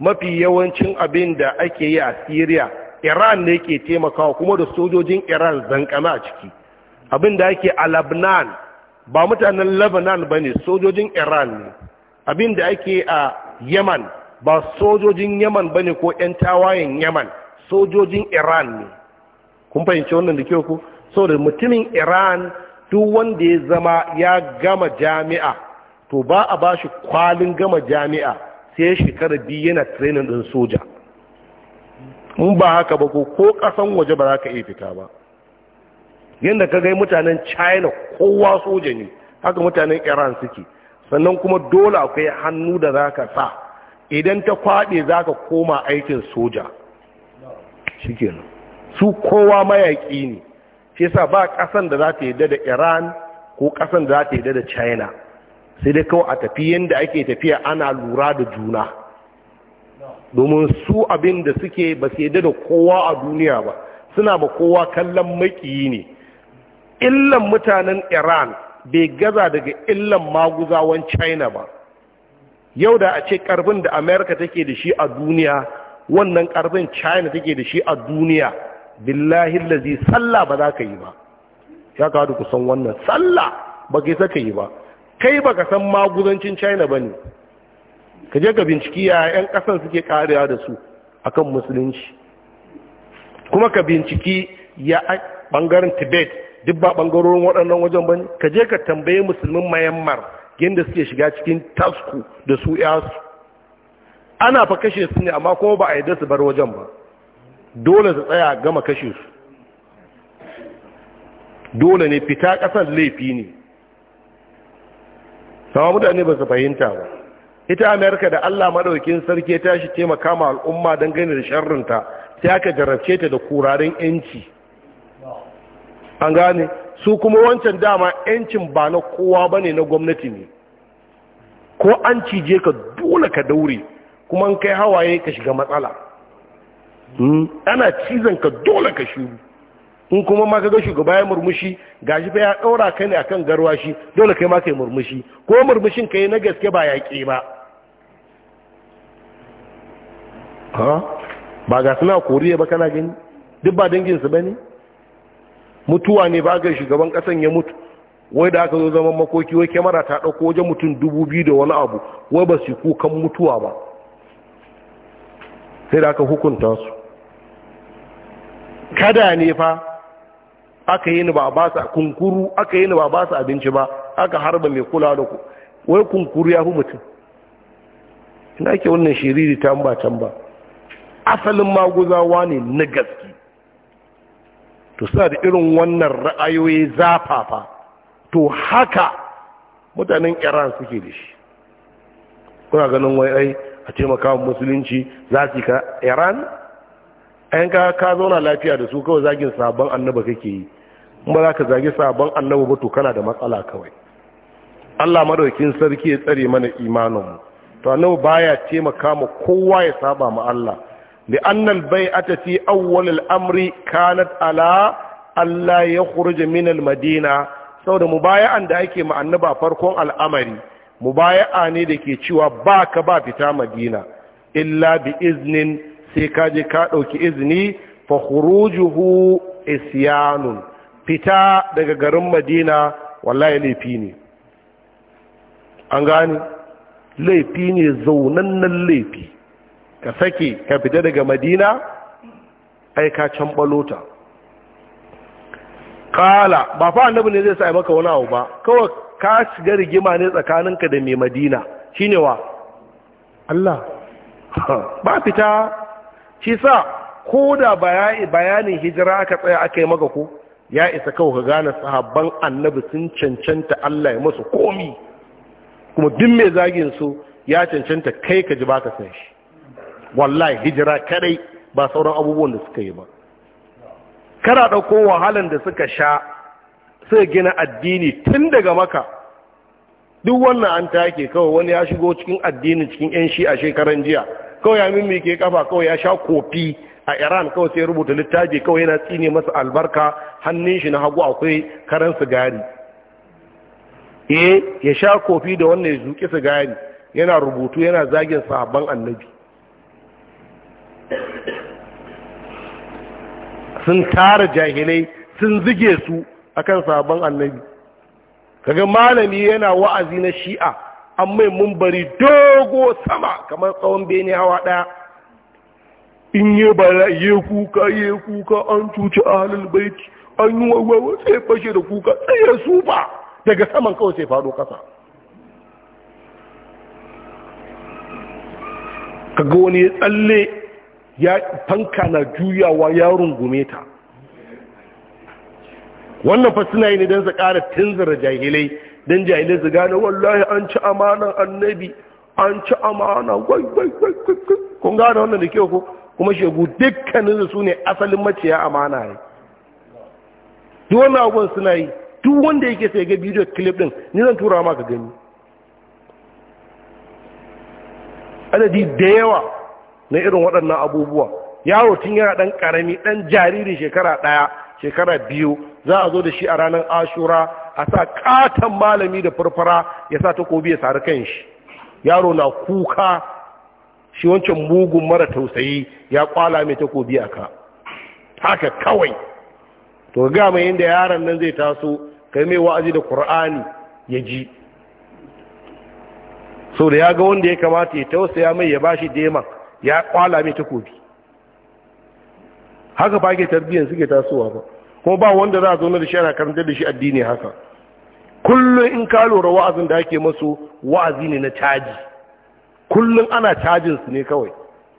mafi yawancin abin da ake yi a syria iran ne ke taimakawa kuma da sojojin iran zankana a ciki abin da ake a lebanon ba mutanen lebanon ba ne sojojin iran ne abin da ake a yaman ba sojojin yaman ba ne ko 'yan tawayen yaman sojojin iran ne kun fahimci wannan da kyau ku saboda mutumin iran duk wanda ya zama ya gama jami'a to ba a ba shi kwalin gama jami'a sai shekara biyu yana trenin din soja in ba haka ba ko ko ƙasan waje ba za ka iya fita ba yadda ka gai mutanen china kowa soja ne haka mutanen iran suke sannan kuma dole akwai hannu da za ka sa idan ta kwaɗe za ka koma aikin soja shi su kowa mayaƙi ne shi sa ba ƙasan da za ta yi da iran ko ƙasan da za ta yi da china sai dai kawai a tafi yadda ake tafiya ana lura da juna domin su abin da suke ba su yadda da kowa a duniya ba suna ba kowa kallon maƙiyi ne illan mutanen iran bai gaza daga illan maguzawan china ba yau da a ce karbin da america take da shi a duniya wannan karbin china take da shi a duniya billahi lazi sallah ba za ka yi ba ya kawo ku san wannan sallah ba ka yi saka yi ba kai ba ka san maguzancin china ba ne ka je ka binciki ya 'yan kasan suke karewa da su akan musulunci kuma ka binciki ya bangaren tibet duk ba bangarorin waɗannan wajen ba ne ka je ka tambaye musulmin mayammar yadda suke shiga cikin tasku da su yasu ana fa kashe su ne amma kuma ba a yadda su bar wajen ba dole su tsaya gama kashe su dole ne fita kasar laifi ne sama mutane ba su fahimta ba ita amerika da allah maɗaukin sarki ta shi taimaka ma al'umma don gani da sharrinta sai aka jarabce ta da kurarin yanci an gane su kuma wancan dama yancin ba na kowa ba ne na gwamnati ne ko an cije ka dole ka daure kuma an kai hawaye ka shiga matsala hmm? ana cizon ka dole ka shuru in kuma ma ka ga shugaba ya murmushi ga fa ya ɗaura ka ne akan garwashi dole kai ma kai murmushi ko murmushin ka yi na gaske ba yaƙe ba ba ga suna koriya ba kana gani duk ba su ba ne mutuwa ne ba ga shugaban kasan ya mutu wai da aka zo zaman makoki wai kyamara ta ɗauko wajen mutum dubu biyu da wani abu wai ba su kukan mutuwa ba sai da aka hukunta su kada ne fa aka yi ni ba ba su kunkuru aka yi ni ba ba su abinci ba aka harba mai kula da ku wai kunkuru ya fi mutum ina ke wannan shiriri ta ba can ba asalin maguzawa ne na gaske to suna da irin wannan ra'ayoyi zafafa to haka mutanen iran suke da shi kuna ganin wai ai a taimaka musulunci za su ka iran ayan ka ka zauna lafiya da su kawai zagin sabon annaba kake yi in ba za ka zagi sabon annaba ba to kana da matsala kawai Allah madaukin sarki ya tsare mana imaninmu to nawa baya taimaka ma kowa ya saba ma Allah da annal bai a tafi awwalil amri kanat ala Allah ya kurje minal madina saboda mubaya'an da ake ma'annaba farkon al'amari mubaya'a ne da ke cewa ba ka ba fita madina illa bi iznin sai ka je ka ɗauki izini fa khurujuhu isyanun fita daga garin madina wallahi laifi ne an gane laifi ne zaunannen laifi ka sake ka fita daga madina ai ka can balota kala ba fa annabi ne zai sa maka wani abu ba kawai ka shiga rigima ne tsakaninka da mai madina shine wa Allah ba fita shi sa ko da bayanin hijira aka tsaya aka yi maka ko ya isa kawai ka gane sahabban annabi sun cancanta Allah ya masu komi kuma duk mai zagin su ya cancanta kai ka ji ba ka san shi wallahi hijira kadai ba sauran abubuwan da suka yi ba kana ɗauko wahalan da suka sha suka gina addini tun daga maka duk wannan an take kawai wani ya shigo cikin addini cikin yan shi a shekaran jiya kawai ya mimike kafa kawai ya sha kofi a iran kawai sai rubuta littafi kawai yana tsine masa albarka hannun shi na hagu akwai karan sigari eh ya sha kofi da wannan ya zuki sigari yana rubutu yana zagin sahabban annabi sun tara jahilai sun zige su akan sabon annabi kaga malami yana wa'azi na shi'a an mai mumbari dogo sama kamar tsawon bene hawa ɗaya in yi bala yi kuka yi kuka an cuci a halin baiti an yi wawawa sai fashe da kuka sai ya sufa daga saman kawai sai faɗo ƙasa kaga wani ya tsalle ya fanka na juyawa ya rungume ta wannan fasina ne don su ƙara jahilai don jahilai su gane wallahi an ci amanan annabi an ci amana wai wai wai kun gane wannan da ke ko kuma shegu dukkanin su ne asalin maciya amana ne duk wannan abubuwan suna yi duk wanda yake sai ga bidiyo clip din ni zan tura maka gani adadi da yawa na irin waɗannan abubuwa yaro tun yana ɗan ƙarami ɗan jariri shekara ɗaya shekara biyu za a zo da shi a ranar ashura a sa ƙaton malami da farfara ya sa takobi ya sari kan shi yaro na kuka shi wancan mugun mara tausayi ya kwala mai takobi a ka haka kawai to ga mai inda yaron nan zai taso kai mai wa'azi da Kur'ani ya ji so da ya ga wanda ya kamata ya tausaya mai ya bashi demak ya kwala mai takobi haka ba ke tarbiyyar suke tasowa ba ko ba wanda za a zaune da shi ana karantar da shi addini haka kullum in ka lura wa'azin da ake masu wa'azi ne na caji kullum ana cajin su ne kawai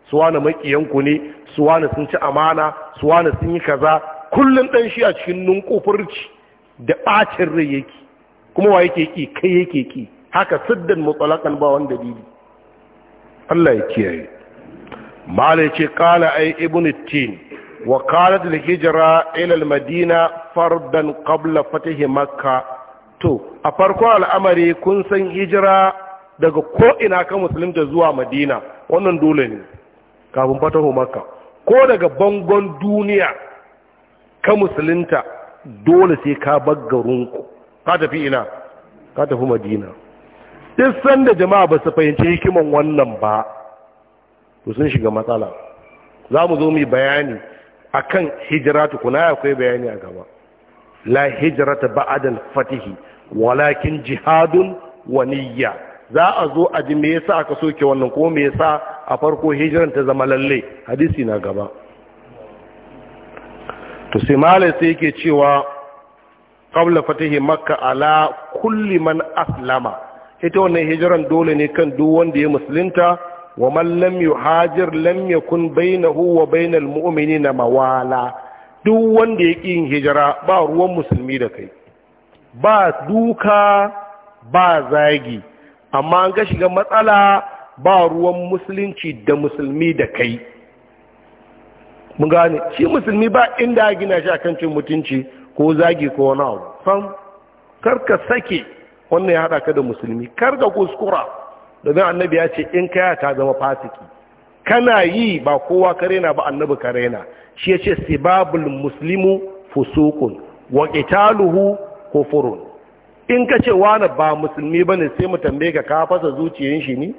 suwana makiyanku ne suwana sun ci amana suwana sun yi kaza kullum ɗan shi a cikin nunkufurci da ɓacin rai yake kuma wa yake ki kai yake ki haka siddan mutsalakan ba wanda dalili Allah ya kiyaye mala ce kala ai ibn tin wa qalat al hijra ila al madina fardan qabla fatih makka to a farko al'amari kun san hijira daga ko ina ka musulunta zuwa madina wannan dole ne kafin fatahu makka ko daga bangon duniya ka musulunta dole sai ka baggarunku ka tafi ina ka tafi madina duk sanda jama'a ba su fahimci hikiman wannan ba to sun shiga matsala za mu zo mu bayani akan hijira kuna akwai bayani a gaba la hijrata ba'da al-fatihi walakin jihadun Waniyya. za a zo a ji me yasa aka soke wannan ko me yasa a farko hijiran ta zama lalle hadisi na gaba to sai malai sai yake cewa qabla fatihi makka ala kulli man aslama ita wannan hijiran dole ne kan duk wanda ya musulunta wa man lam yuhajir lam yakun bainahu wa bainal mu'minina mawala duk wanda ya yin hijira ba ruwan musulmi da kai ba duka ba zagi amma an ga shiga matsala ba ruwan musulunci da musulmi da kai mun gane shi musulmi ba inda gina shi akan cin mutunci ko zagi ko wani abu sam karka sake wannan ya haɗa ka da musulmi karka kuskura domin annabi ya ce in kaya ta zama fasiki kana yi ba kowa karena ba annabi karena shi ya ce sibabul muslimu fusukun wa qitaluhu kufurun in ka ce wani ba musulmi bane sai mu tambaye ka ka fasa zuciyar shi ne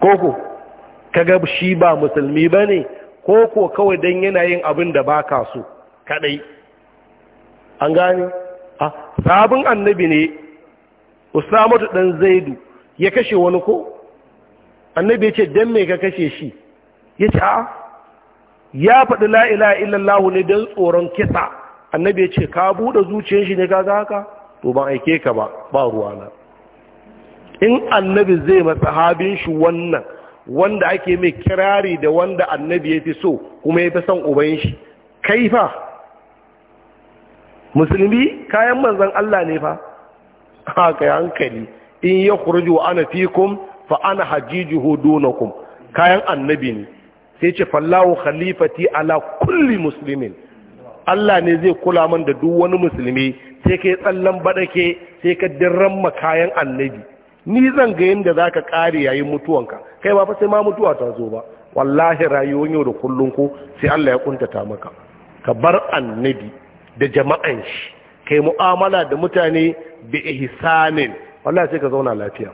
koko kaga shi ba musulmi bane koko kawai dan yana yin abin da baka so kadai an gane ah, sabon annabi ne usamatu dan zaidu ya kashe wani ko annabi ya ce don me ka kashe shi ya ce a ah, ya faɗi la'ila illallahu ne don tsoron kisa annabi ya ce ka buɗe zuciyar shi ne ka ga haka to ban aike ka ba ba ruwana in annabi zai masa habin shi wannan wanda ake mai kirari da wanda annabi ya fi so kuma ya fi son uban shi kai fa musulmi kayan manzan Allah ne fa haka hankali in ya kurju ana fikum fa ana hajjijuhu dunakum kayan annabi ne sai ce fallahu khalifati ala kulli muslimin Allah ne zai kula man da duk wani musulmi sai kai tsallan badake sai ka dirran kayan annabi ni zan ga yanda zaka kare yayin mutuwanka kai ba fa sai ma mutuwa ta zo ba wallahi rayuwar yau da kullun ku sai Allah ya kuntata maka ka bar annabi da jama'an shi kai mu'amala da mutane bi ihsanin wallahi sai ka zauna lafiya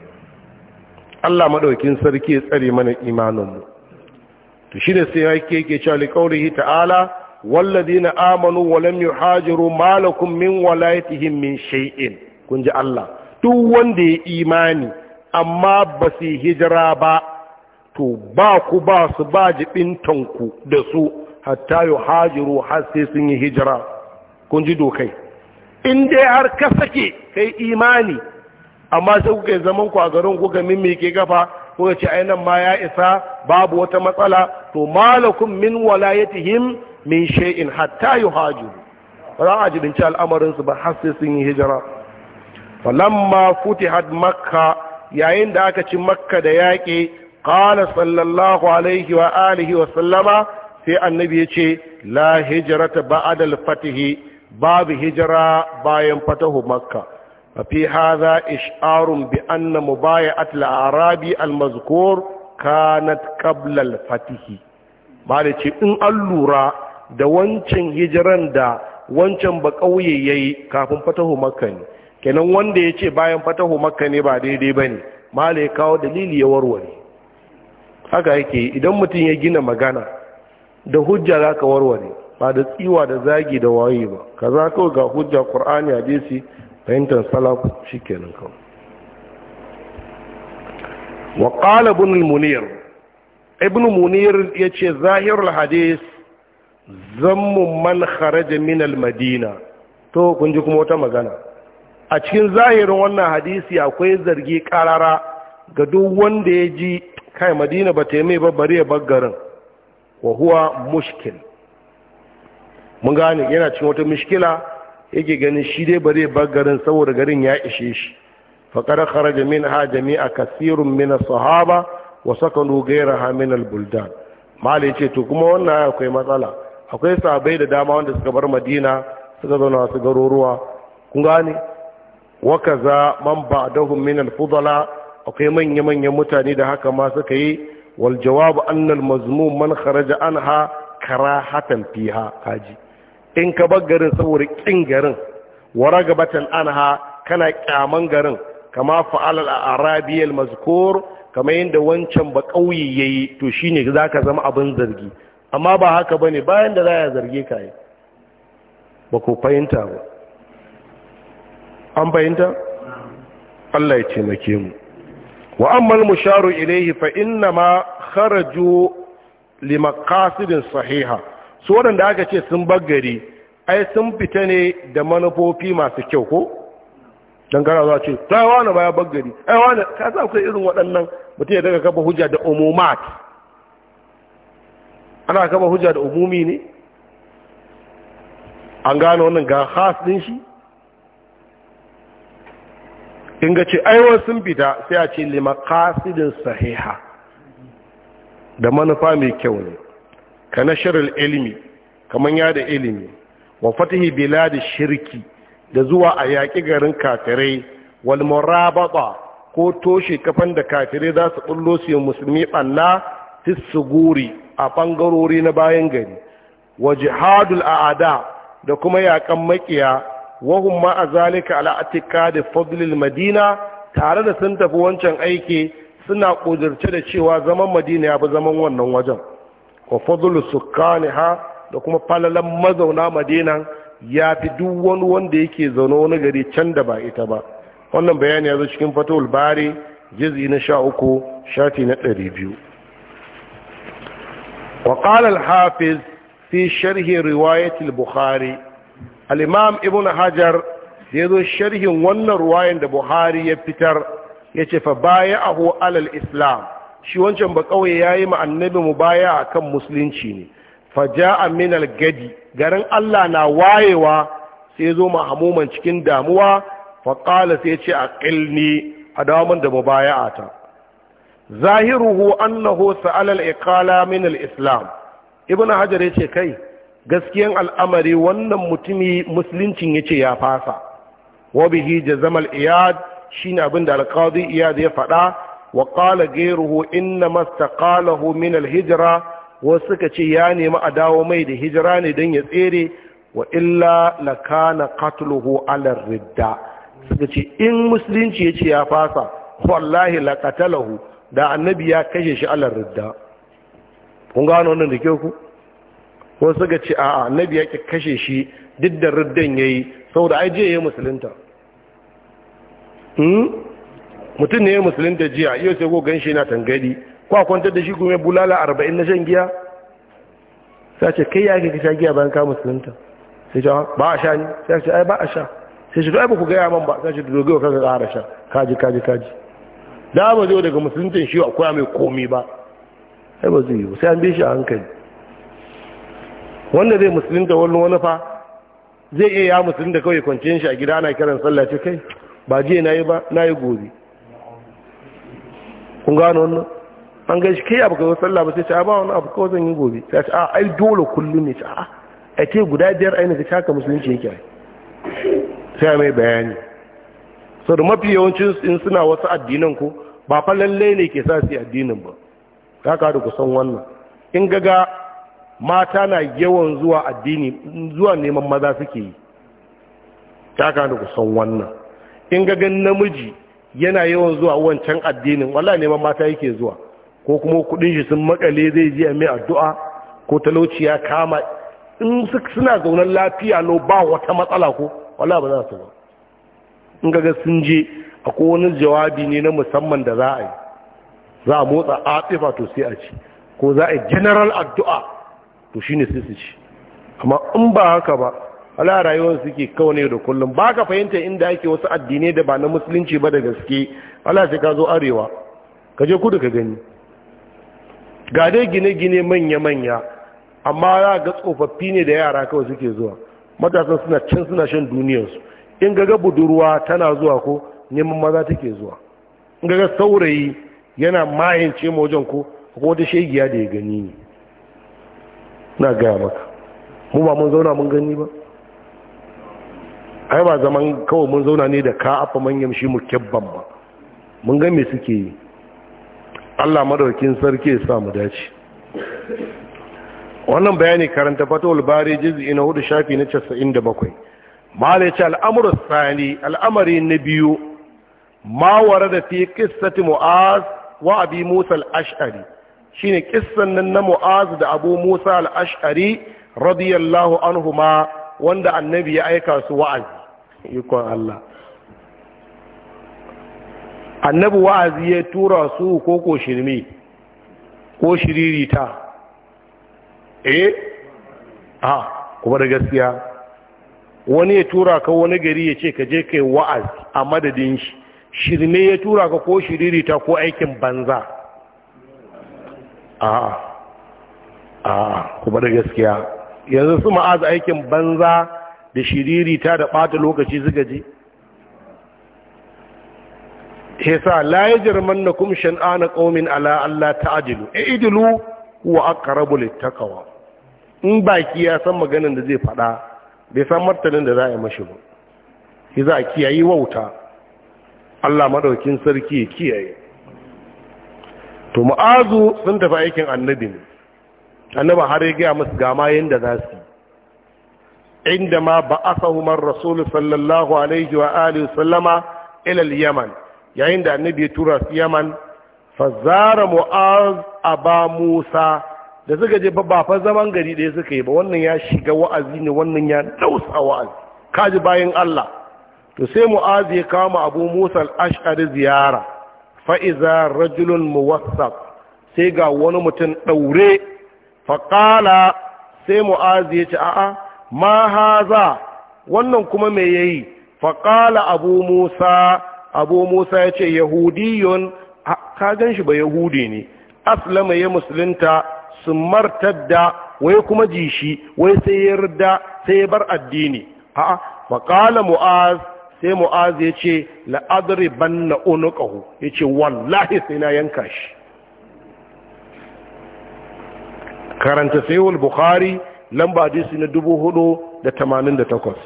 Allah madaukin sarki ya tsare mana imanin mu to shine sai yake yake cewa liqaulihi ta'ala walladheena amanu wa lam yuhajiru malakum min walayatihim min shay'in kun ji Allah duk wanda ya imani amma ba su hijira ba to ba ku ba su ba tanku da su hatta yi hajiru har sai sun yi hijira kun ji dokai in dai har ka sake kai imani amma sai kuka yi zaman ku a garin kuka gafa kafa kuka ce ai nan ma ya isa babu wata matsala to malakum min walayatihim min shay'in hatta yuhaju ba za a jibinci al'amarin su ba har sai sun yi hijira falamma futihat makka yayin da aka ci makka da yaƙi qala sallallahu alaihi wa alihi wa sallama sai annabi ya ce la hijrata ba'da al-fatihi babu hijira bayan fatahu makka ففي هذا إشعار بأن مبايعة الأعرابي المذكور كانت قبل الفتح مالتي إن اللورا da wancan hijiran da wancan ba ƙauye ya kafin fatahu makka ne kenan wanda ya ce bayan fatahu makka ne ba daidai ba ne mala ya kawo dalili ya warware haka yake idan mutum ya gina magana da hujja za ka warware ba da tsiwa da zagi da waye ba ka za ga hujja ƙur'ani hadisi fahimtar salaku shi kenan wa ƙala ibn munir ibn munir ya ce zahirul hadis zammun man kharaja min al-madina to kun ji kuma wata magana a cikin zahirin wannan hadisi akwai zargi karara ga duk wanda ya ji kai madina ba ta yi mai bari ya baggarin wa huwa mushkil mun gane yana cikin wata mushkila yake ganin shi dai bare bar garin saboda garin ya ishe shi faƙar kharaja min ha jami'a kasirun min sahaba wa sakanu gairaha min al-buldan malai ce to kuma wannan akwai matsala akwai sabai da dama wanda suka bar madina suka zauna su garuruwa kun gane wa kaza man ba'dahum min al akwai manya manyan mutane da haka ma suka yi wal jawabu anna al-mazmum man kharaja anha karahatan fiha kaji in ka bar garin saboda kin garin wa ragabatan anha kana kyaman garin kama fa'al al-arabi al-mazkur kama yanda wancan ba kauye yayi to shine zaka zama abin zargi amma ba haka bane bayan da zaya zarge ka yi ba ku fahimta ba an fahimta Allah ya taimake mu wa ammal musharu ilayhi fa inna ma kharaju li maqasidin sahiha su waɗanda aka ce sun bagari, ai sun fita ne da manufofi masu kyau ko don gara a ce ta wani baya gari, ai wani ka sa ku irin waɗannan mutum ya daga kafa hujja da umumat ana kafa hujja da umumi ne an gano wannan ga khas din shi in ga ce aiwa sun fita sai a ce lima kasidin sahiha da manufa mai kyau ne ka nasharar ilimi kamar da ilimi wa fatihi biladi shirki da zuwa a yaƙi garin kafirai wal murabata ko toshe kafan da kafirai za su bullo su yi musulmi ɓanna fissuguri a ɓangarori na bayan gari wa jihadul a'ada da kuma yaƙan maƙiya wahum ma a zalika ala'atika da fadlil madina tare da sun tafi wancan aiki suna ƙudurce da cewa zaman madina ya fi zaman wannan wajen wafadulu su kane ha da kuma falalan mazauna madina ya fi duk wani wanda yake zaune wani gari can da ba ita ba wannan bayani ya zo cikin fatowar bari jizi na sha uku shati na ɗari biyu waƙalar hafiz sai sharhin riwayatul buhari al'imam ibn hajar da ya zo sharhin wannan ruwayan da buhari ya fitar ya ce fa baya ahu alal islam shi wancan ba kawai ya yi annabi mu baya akan musulunci ne faja'a minal gadi garin Allah na wayewa sai zo hamuman cikin damuwa faƙala sai ce a a damar da mubaya'ata zahiruhu annahu sa'ala al-iqala min al-islam ibnu hajar yace kai gaskiyan al'amari wannan mutumi musuluncin yace ya fasa wa bihi jazamal iyad shine abin da al-qadi iyad ya faɗa وقال غيره ghayruhu inna mastaqalahu min al-hijra wa suka ce ya nemi a dawo mai da hijira ne dan ya tsere wa illa lakana qatluhu ala ridda suka ce in musulunci ya fasa wallahi da annabi ya kashe shi alar ridda kun gano wannan da kyau ku wasu suka ce a'a annabi ya kashe shi duk da riddan yayi saboda ai je ya musulunta hmm mutum ne ya musulun da jiya yau sai ko ganshi yana tangadi kwa kwantar da shi kuma bulala arba'in na shan giya sai ce kai ya ke sha giya bayan ka musulunta sai ce ah, ba a sha ni sai ce ai ba a sha sai ce ai ba ku gaya man ba sai ce dogo ka ƙara sha kaji kaji kaji da ba zai daga musuluntin shi akwai mai komi ba sai ba zai yi sai an bi shi a hankali wanda zai musulunta wani wani fa zai iya ya musulunta kawai kwanciyar shi a gida ana kiran sallah ce kai ba je na yi ba na yi gobe kun gano wannan an gaishe ke abu ga sallah ba sai ce a ba wani abu kawai zan yi gobe sai ce a ai dole kullum ne ce a a ce guda biyar aina ka shaka musulunci yake sai mai bayani so da mafi yawancin in suna wasu addinan ko ba fa lalle ne ke sa su addinin ba ka ka da kusan wannan in gaga mata na yawan zuwa addini zuwa neman maza suke yi ta ka da kusan wannan in gaga namiji yana yawan zuwa wancan addinin wallahi neman mata yake zuwa ko kuma kudin shi sun makale zai je a mai addu'a ko talauci ya kama in suna zaunan lafiya lo ba wata matsala ko wallah ba za su ba in ga sun je akwai wani jawabi ne na musamman da za a yi za a motsa atifa to sai a ci ko za a yi general addu'a to shine sai su ci amma in ba haka ba ala rayuwar suke kawai ne da kullum ba ka fahimta inda ake wasu addinai da ba na musulunci ba da gaske wala sai ka zo arewa ka je kudu ka gani ga dai gine-gine manya-manya amma za ga tsofaffi ne da yara kawai suke zuwa matasan suna can suna shan duniyarsu in ga budurwa tana zuwa ko neman maza take zuwa in ga saurayi yana mayance ma wajen ko ko wata shegiya da ya gani ne na gaya maka mu ba mun zauna mun gani ba ai ba zaman kawai mun zauna ne da ka afa manyan shi mu kyabban ba mun ga me suke yi Allah madaukin sarki ya sa mu dace wannan bayani karanta fatul bari juz'i na hudu shafi na 97 malai ce al'amru sani al'amari na biyu ma warada fi qissati mu'az wa abi musa al-ash'ari shine kissan nan na mu'az da abu musa al-ash'ari radiyallahu anhuma wanda annabi ya aika su wa'azi ikon Allah annabi wa'azi ya tura su ko ko shirme ko shiririta eh ha, ah, kuma da gaskiya wani ya tura ka wani gari ya ce ka je kai wa'azi a madadin shi shirme ya tura ka ko shiririta ko aikin banza a ah, a ah, kuma da gaskiya yanzu su ma'azi aikin banza da shiriri ta da ɓata lokaci suka ji sa la ya jirman na kum shan'ana ƙaumin ala Allah ajilu e idilu wa ta kawa in baki ya san maganin da zai faɗa bai san martanin da za a yi mashi ba ki za a kiyayi wauta Allah madaukin sarki ya kiyaye to Ma'azu sun tafi aikin annabi ne annaba har ya gaya masu gama yadda za su yi. عندما ma الرسول صلى الله sallallahu alaihi وسلم alihi اليمن ila عند yaman yayin da annabi ya tura su yaman fazara mu'az aba musa da suka je ba fa zaman gari ɗaya suka yi ba wannan ya shiga wa'azi ne wannan ya dausa wa'azi kaji bayan Allah to sai mu'az ya kama abu musa al-ash'ari ziyara fa iza rajulun muwassaq sai ga wani mutum daure fa qala sai mu'az ya ce a'a ma haza wannan kuma me yayi faƙala abu musa abu musa ya ce yahudiyun ka ganshi ba yahudi ne aslama ya musulunta su martadda wai kuma ji shi wai sai ya rida sai bar addini a'a faƙala mu'az sai mu'az yace ce la'adari ban na ya wallahi sai na yanka shi karanta sayuwar bukhari lamba hadisi na dubu hudu da tamanin da takwas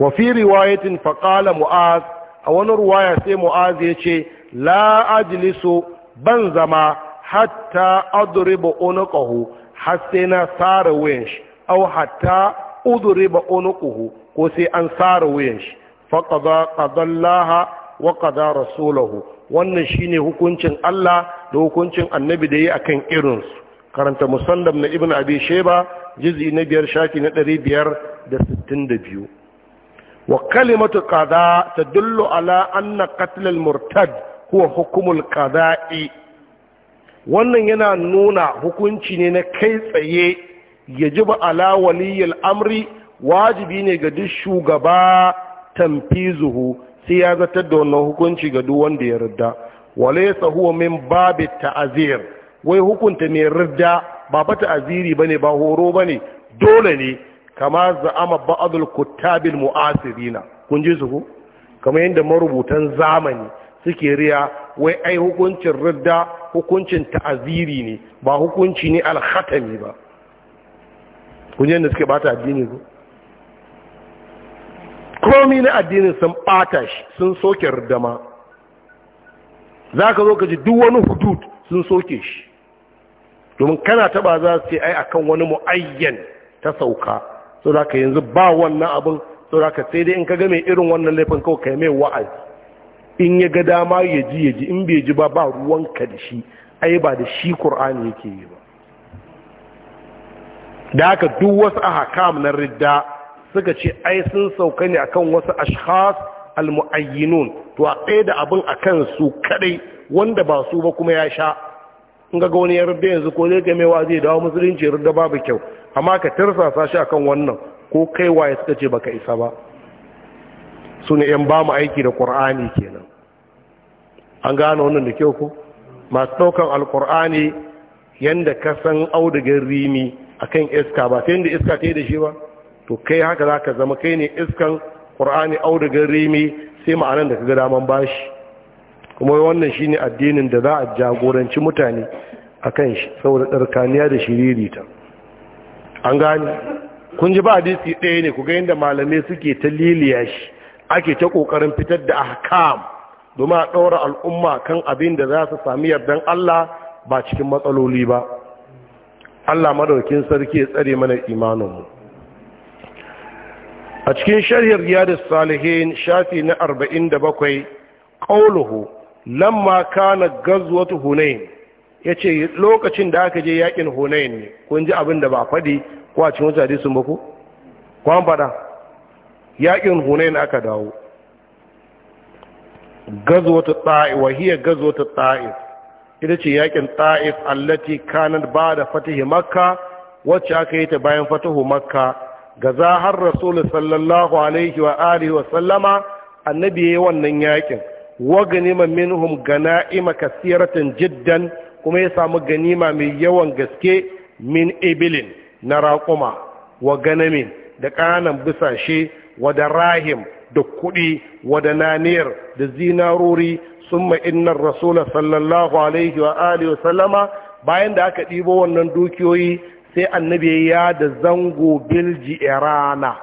wa riwayatin faƙala mu'az a wani ruwaya sai mu'az ya ce la ajlisu ban zama hatta adriba unqahu har na sara wuyan shi aw hatta udriba unquhu ko sai an sara wuyan shi faqada qadallaha wa qada rasulahu wannan shine hukuncin Allah da hukuncin annabi da yi akan irinsu karanta musallam na ibn abi sheba juz'i na biyar shafi na ɗari biyar da sittin da biyu wa kalimatu qada tadullu ala anna murtad huwa hukumul wannan yana nuna hukunci ne na kai tsaye ba ala waliyyar amri wajibi ne ga duk shugaba tamfizuhu sai ya zartar da wannan hukunci ga duk wanda ya rida walaysa huwa min babit ta'zir wai hukunta mai ridda ba bata aziri bane ba horo bane dole ne kama za'ama ba'dul kuttabil mu'asirina kun ji su ku kamar yadda marubutan zamani suke riya wai ai hukuncin ridda hukuncin ta'aziri ne ba hukunci ne alkhatami ba kun yadda suke bata addini ko komai na addinin sun bata shi sun soke ridda ma za ka zo ka ji duk wani hudud sun soke shi domin kana taba za su ce ai akan wani mu'ayyan ta sauka so da ka yanzu ba wannan abin so da ka sai dai in ka ga mai irin wannan laifin kawai kai mai wa'azi in ya ga dama ya ji ya ji in bai ji ba ba ruwanka da shi ai ba da shi qur'ani yake yi ba da haka duk wasu ahkam na ridda suka ce ai sun sauka ne akan wasu ashkhas al-mu'ayyinun to a tsaye da abin akan su kaɗai wanda ba su ba kuma ya sha in ga wani ya rabbe yanzu ko zai gamewa wa zai dawo musulunci ya rubda babu kyau amma ka tarsasa shi akan wannan ko kai waye suka ce baka isa ba su ne yan ba aiki da qur'ani kenan an gane wannan da kyau ko masu daukan alqur'ani yanda ka san audigan rimi akan iska ba sai da iska ta yi da shi ba to kai haka zaka zama kai ne iskan qur'ani audigar rimi sai ma'anan da ka ga daman bashi kuma wannan ne addinin da za a jagoranci mutane a kan shi saboda tsarkaniya da shiririta an gani kun ji ba hadisi ɗaya ne ku ga yadda malamai suke ta liliya shi ake ta ƙoƙarin fitar da ahkam domin a ɗaura al'umma kan abin da za su sami yardan Allah ba cikin matsaloli ba Allah madaukin sarki ya tsare mana imaninmu a cikin shari'ar riyadus salihin shafi na arba'in da 47 qauluhu lamma kana gazwatu hunain yace lokacin da aka je yakin hunain ne kun ji abin da ba fadi ko a cikin hadisin ba ko ko an fada yakin hunain aka dawo gazwatu ta'i wa hiya gazwatu ta'if ita ce yakin ta'if allati kanat ba'da fatihi makka wacce aka yi ta bayan fatihu makka gaza har rasul sallallahu alaihi wa alihi wa sallama annabi yayin wannan yakin Waganima minhum gana'ima kasiratan jiddan kuma ya samu ganima mai yawan gaske min ibilin na raƙuma wa ganamin da ƙanan bisashe wa da rahim da kuɗi wa da naniyar da zinarori sun ma'innar rasula sallallahu alaihi wa alihi wasallama bayan da aka ɗibo wannan dukiyoyi sai annabi ya da zango bil ji'irana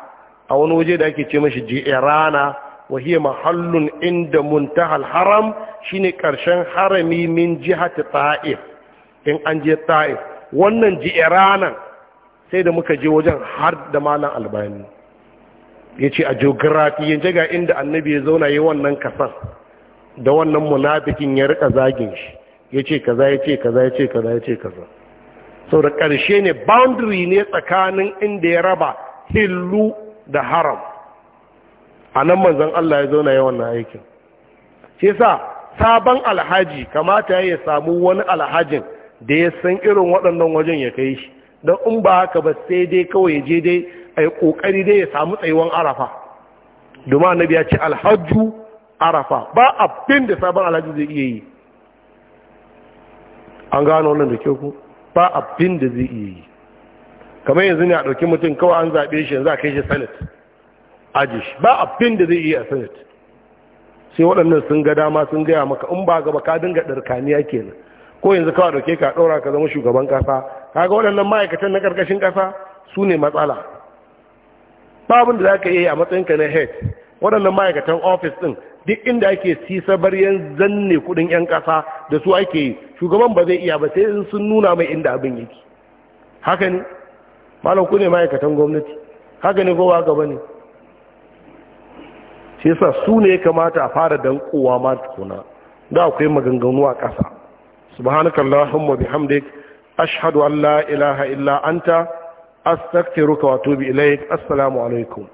a wani waje da ake ce mashi ji'irana wa hiya mahallun inda muntahal haram shine karshen harami min ta ta'if in an je ta'if wannan iranan sai da muka je wajen har da malam albani ya ce a geography yanzu inda annabi ya zauna yi wannan kasar da wannan munafikin ya rika zagin shi ya ce kaza ya ce kaza ya ce kaza ya ce kaza sau da ƙarshe ne boundary ne tsakanin inda ya raba hillu da haram a nan manzan Allah ya zauna yawan na aikin shi sa sabon alhaji kamata ya samu wani alhajin da ya san irin waɗannan wajen ya kai shi don in ba haka ba sai dai kawai ya je dai a yi ƙoƙari dai ya samu tsayuwan arafa domin annabi ya ce alhaju arafa ba abin da sabon alhaji zai iya yi an gano wannan da kyau ku ba abin da zai iya yi kamar yanzu ne a ɗauki mutum kawai an zaɓe shi yanzu a kai shi senate aji shi ba abin da zai iya a senate sai waɗannan sun ga dama sun gaya maka in ba gaba ka dinga ɗarkaniya kenan ko yanzu kawai dauke ka ɗora ka zama shugaban ƙasa kaga waɗannan ma'aikatan na ƙarƙashin ƙasa su ne matsala ba abin da za ka iya a matsayinka na head waɗannan ma'aikatan ofis ɗin duk inda ake sisa baryan zanne kuɗin 'yan ƙasa da su ake yi shugaban ba zai iya ba sai in sun nuna mai inda abin yake haka ne malam ku ne ma'aikatan gwamnati haka ne kowa gaba ne shi yasa su ne ya kamata a fara dankowa ma tukuna da akwai maganganu a ƙasa subhanakallahumma bihamdik ashhadu an la ilaha illa anta astaghfiruka wa atubu ilaik assalamu alaikum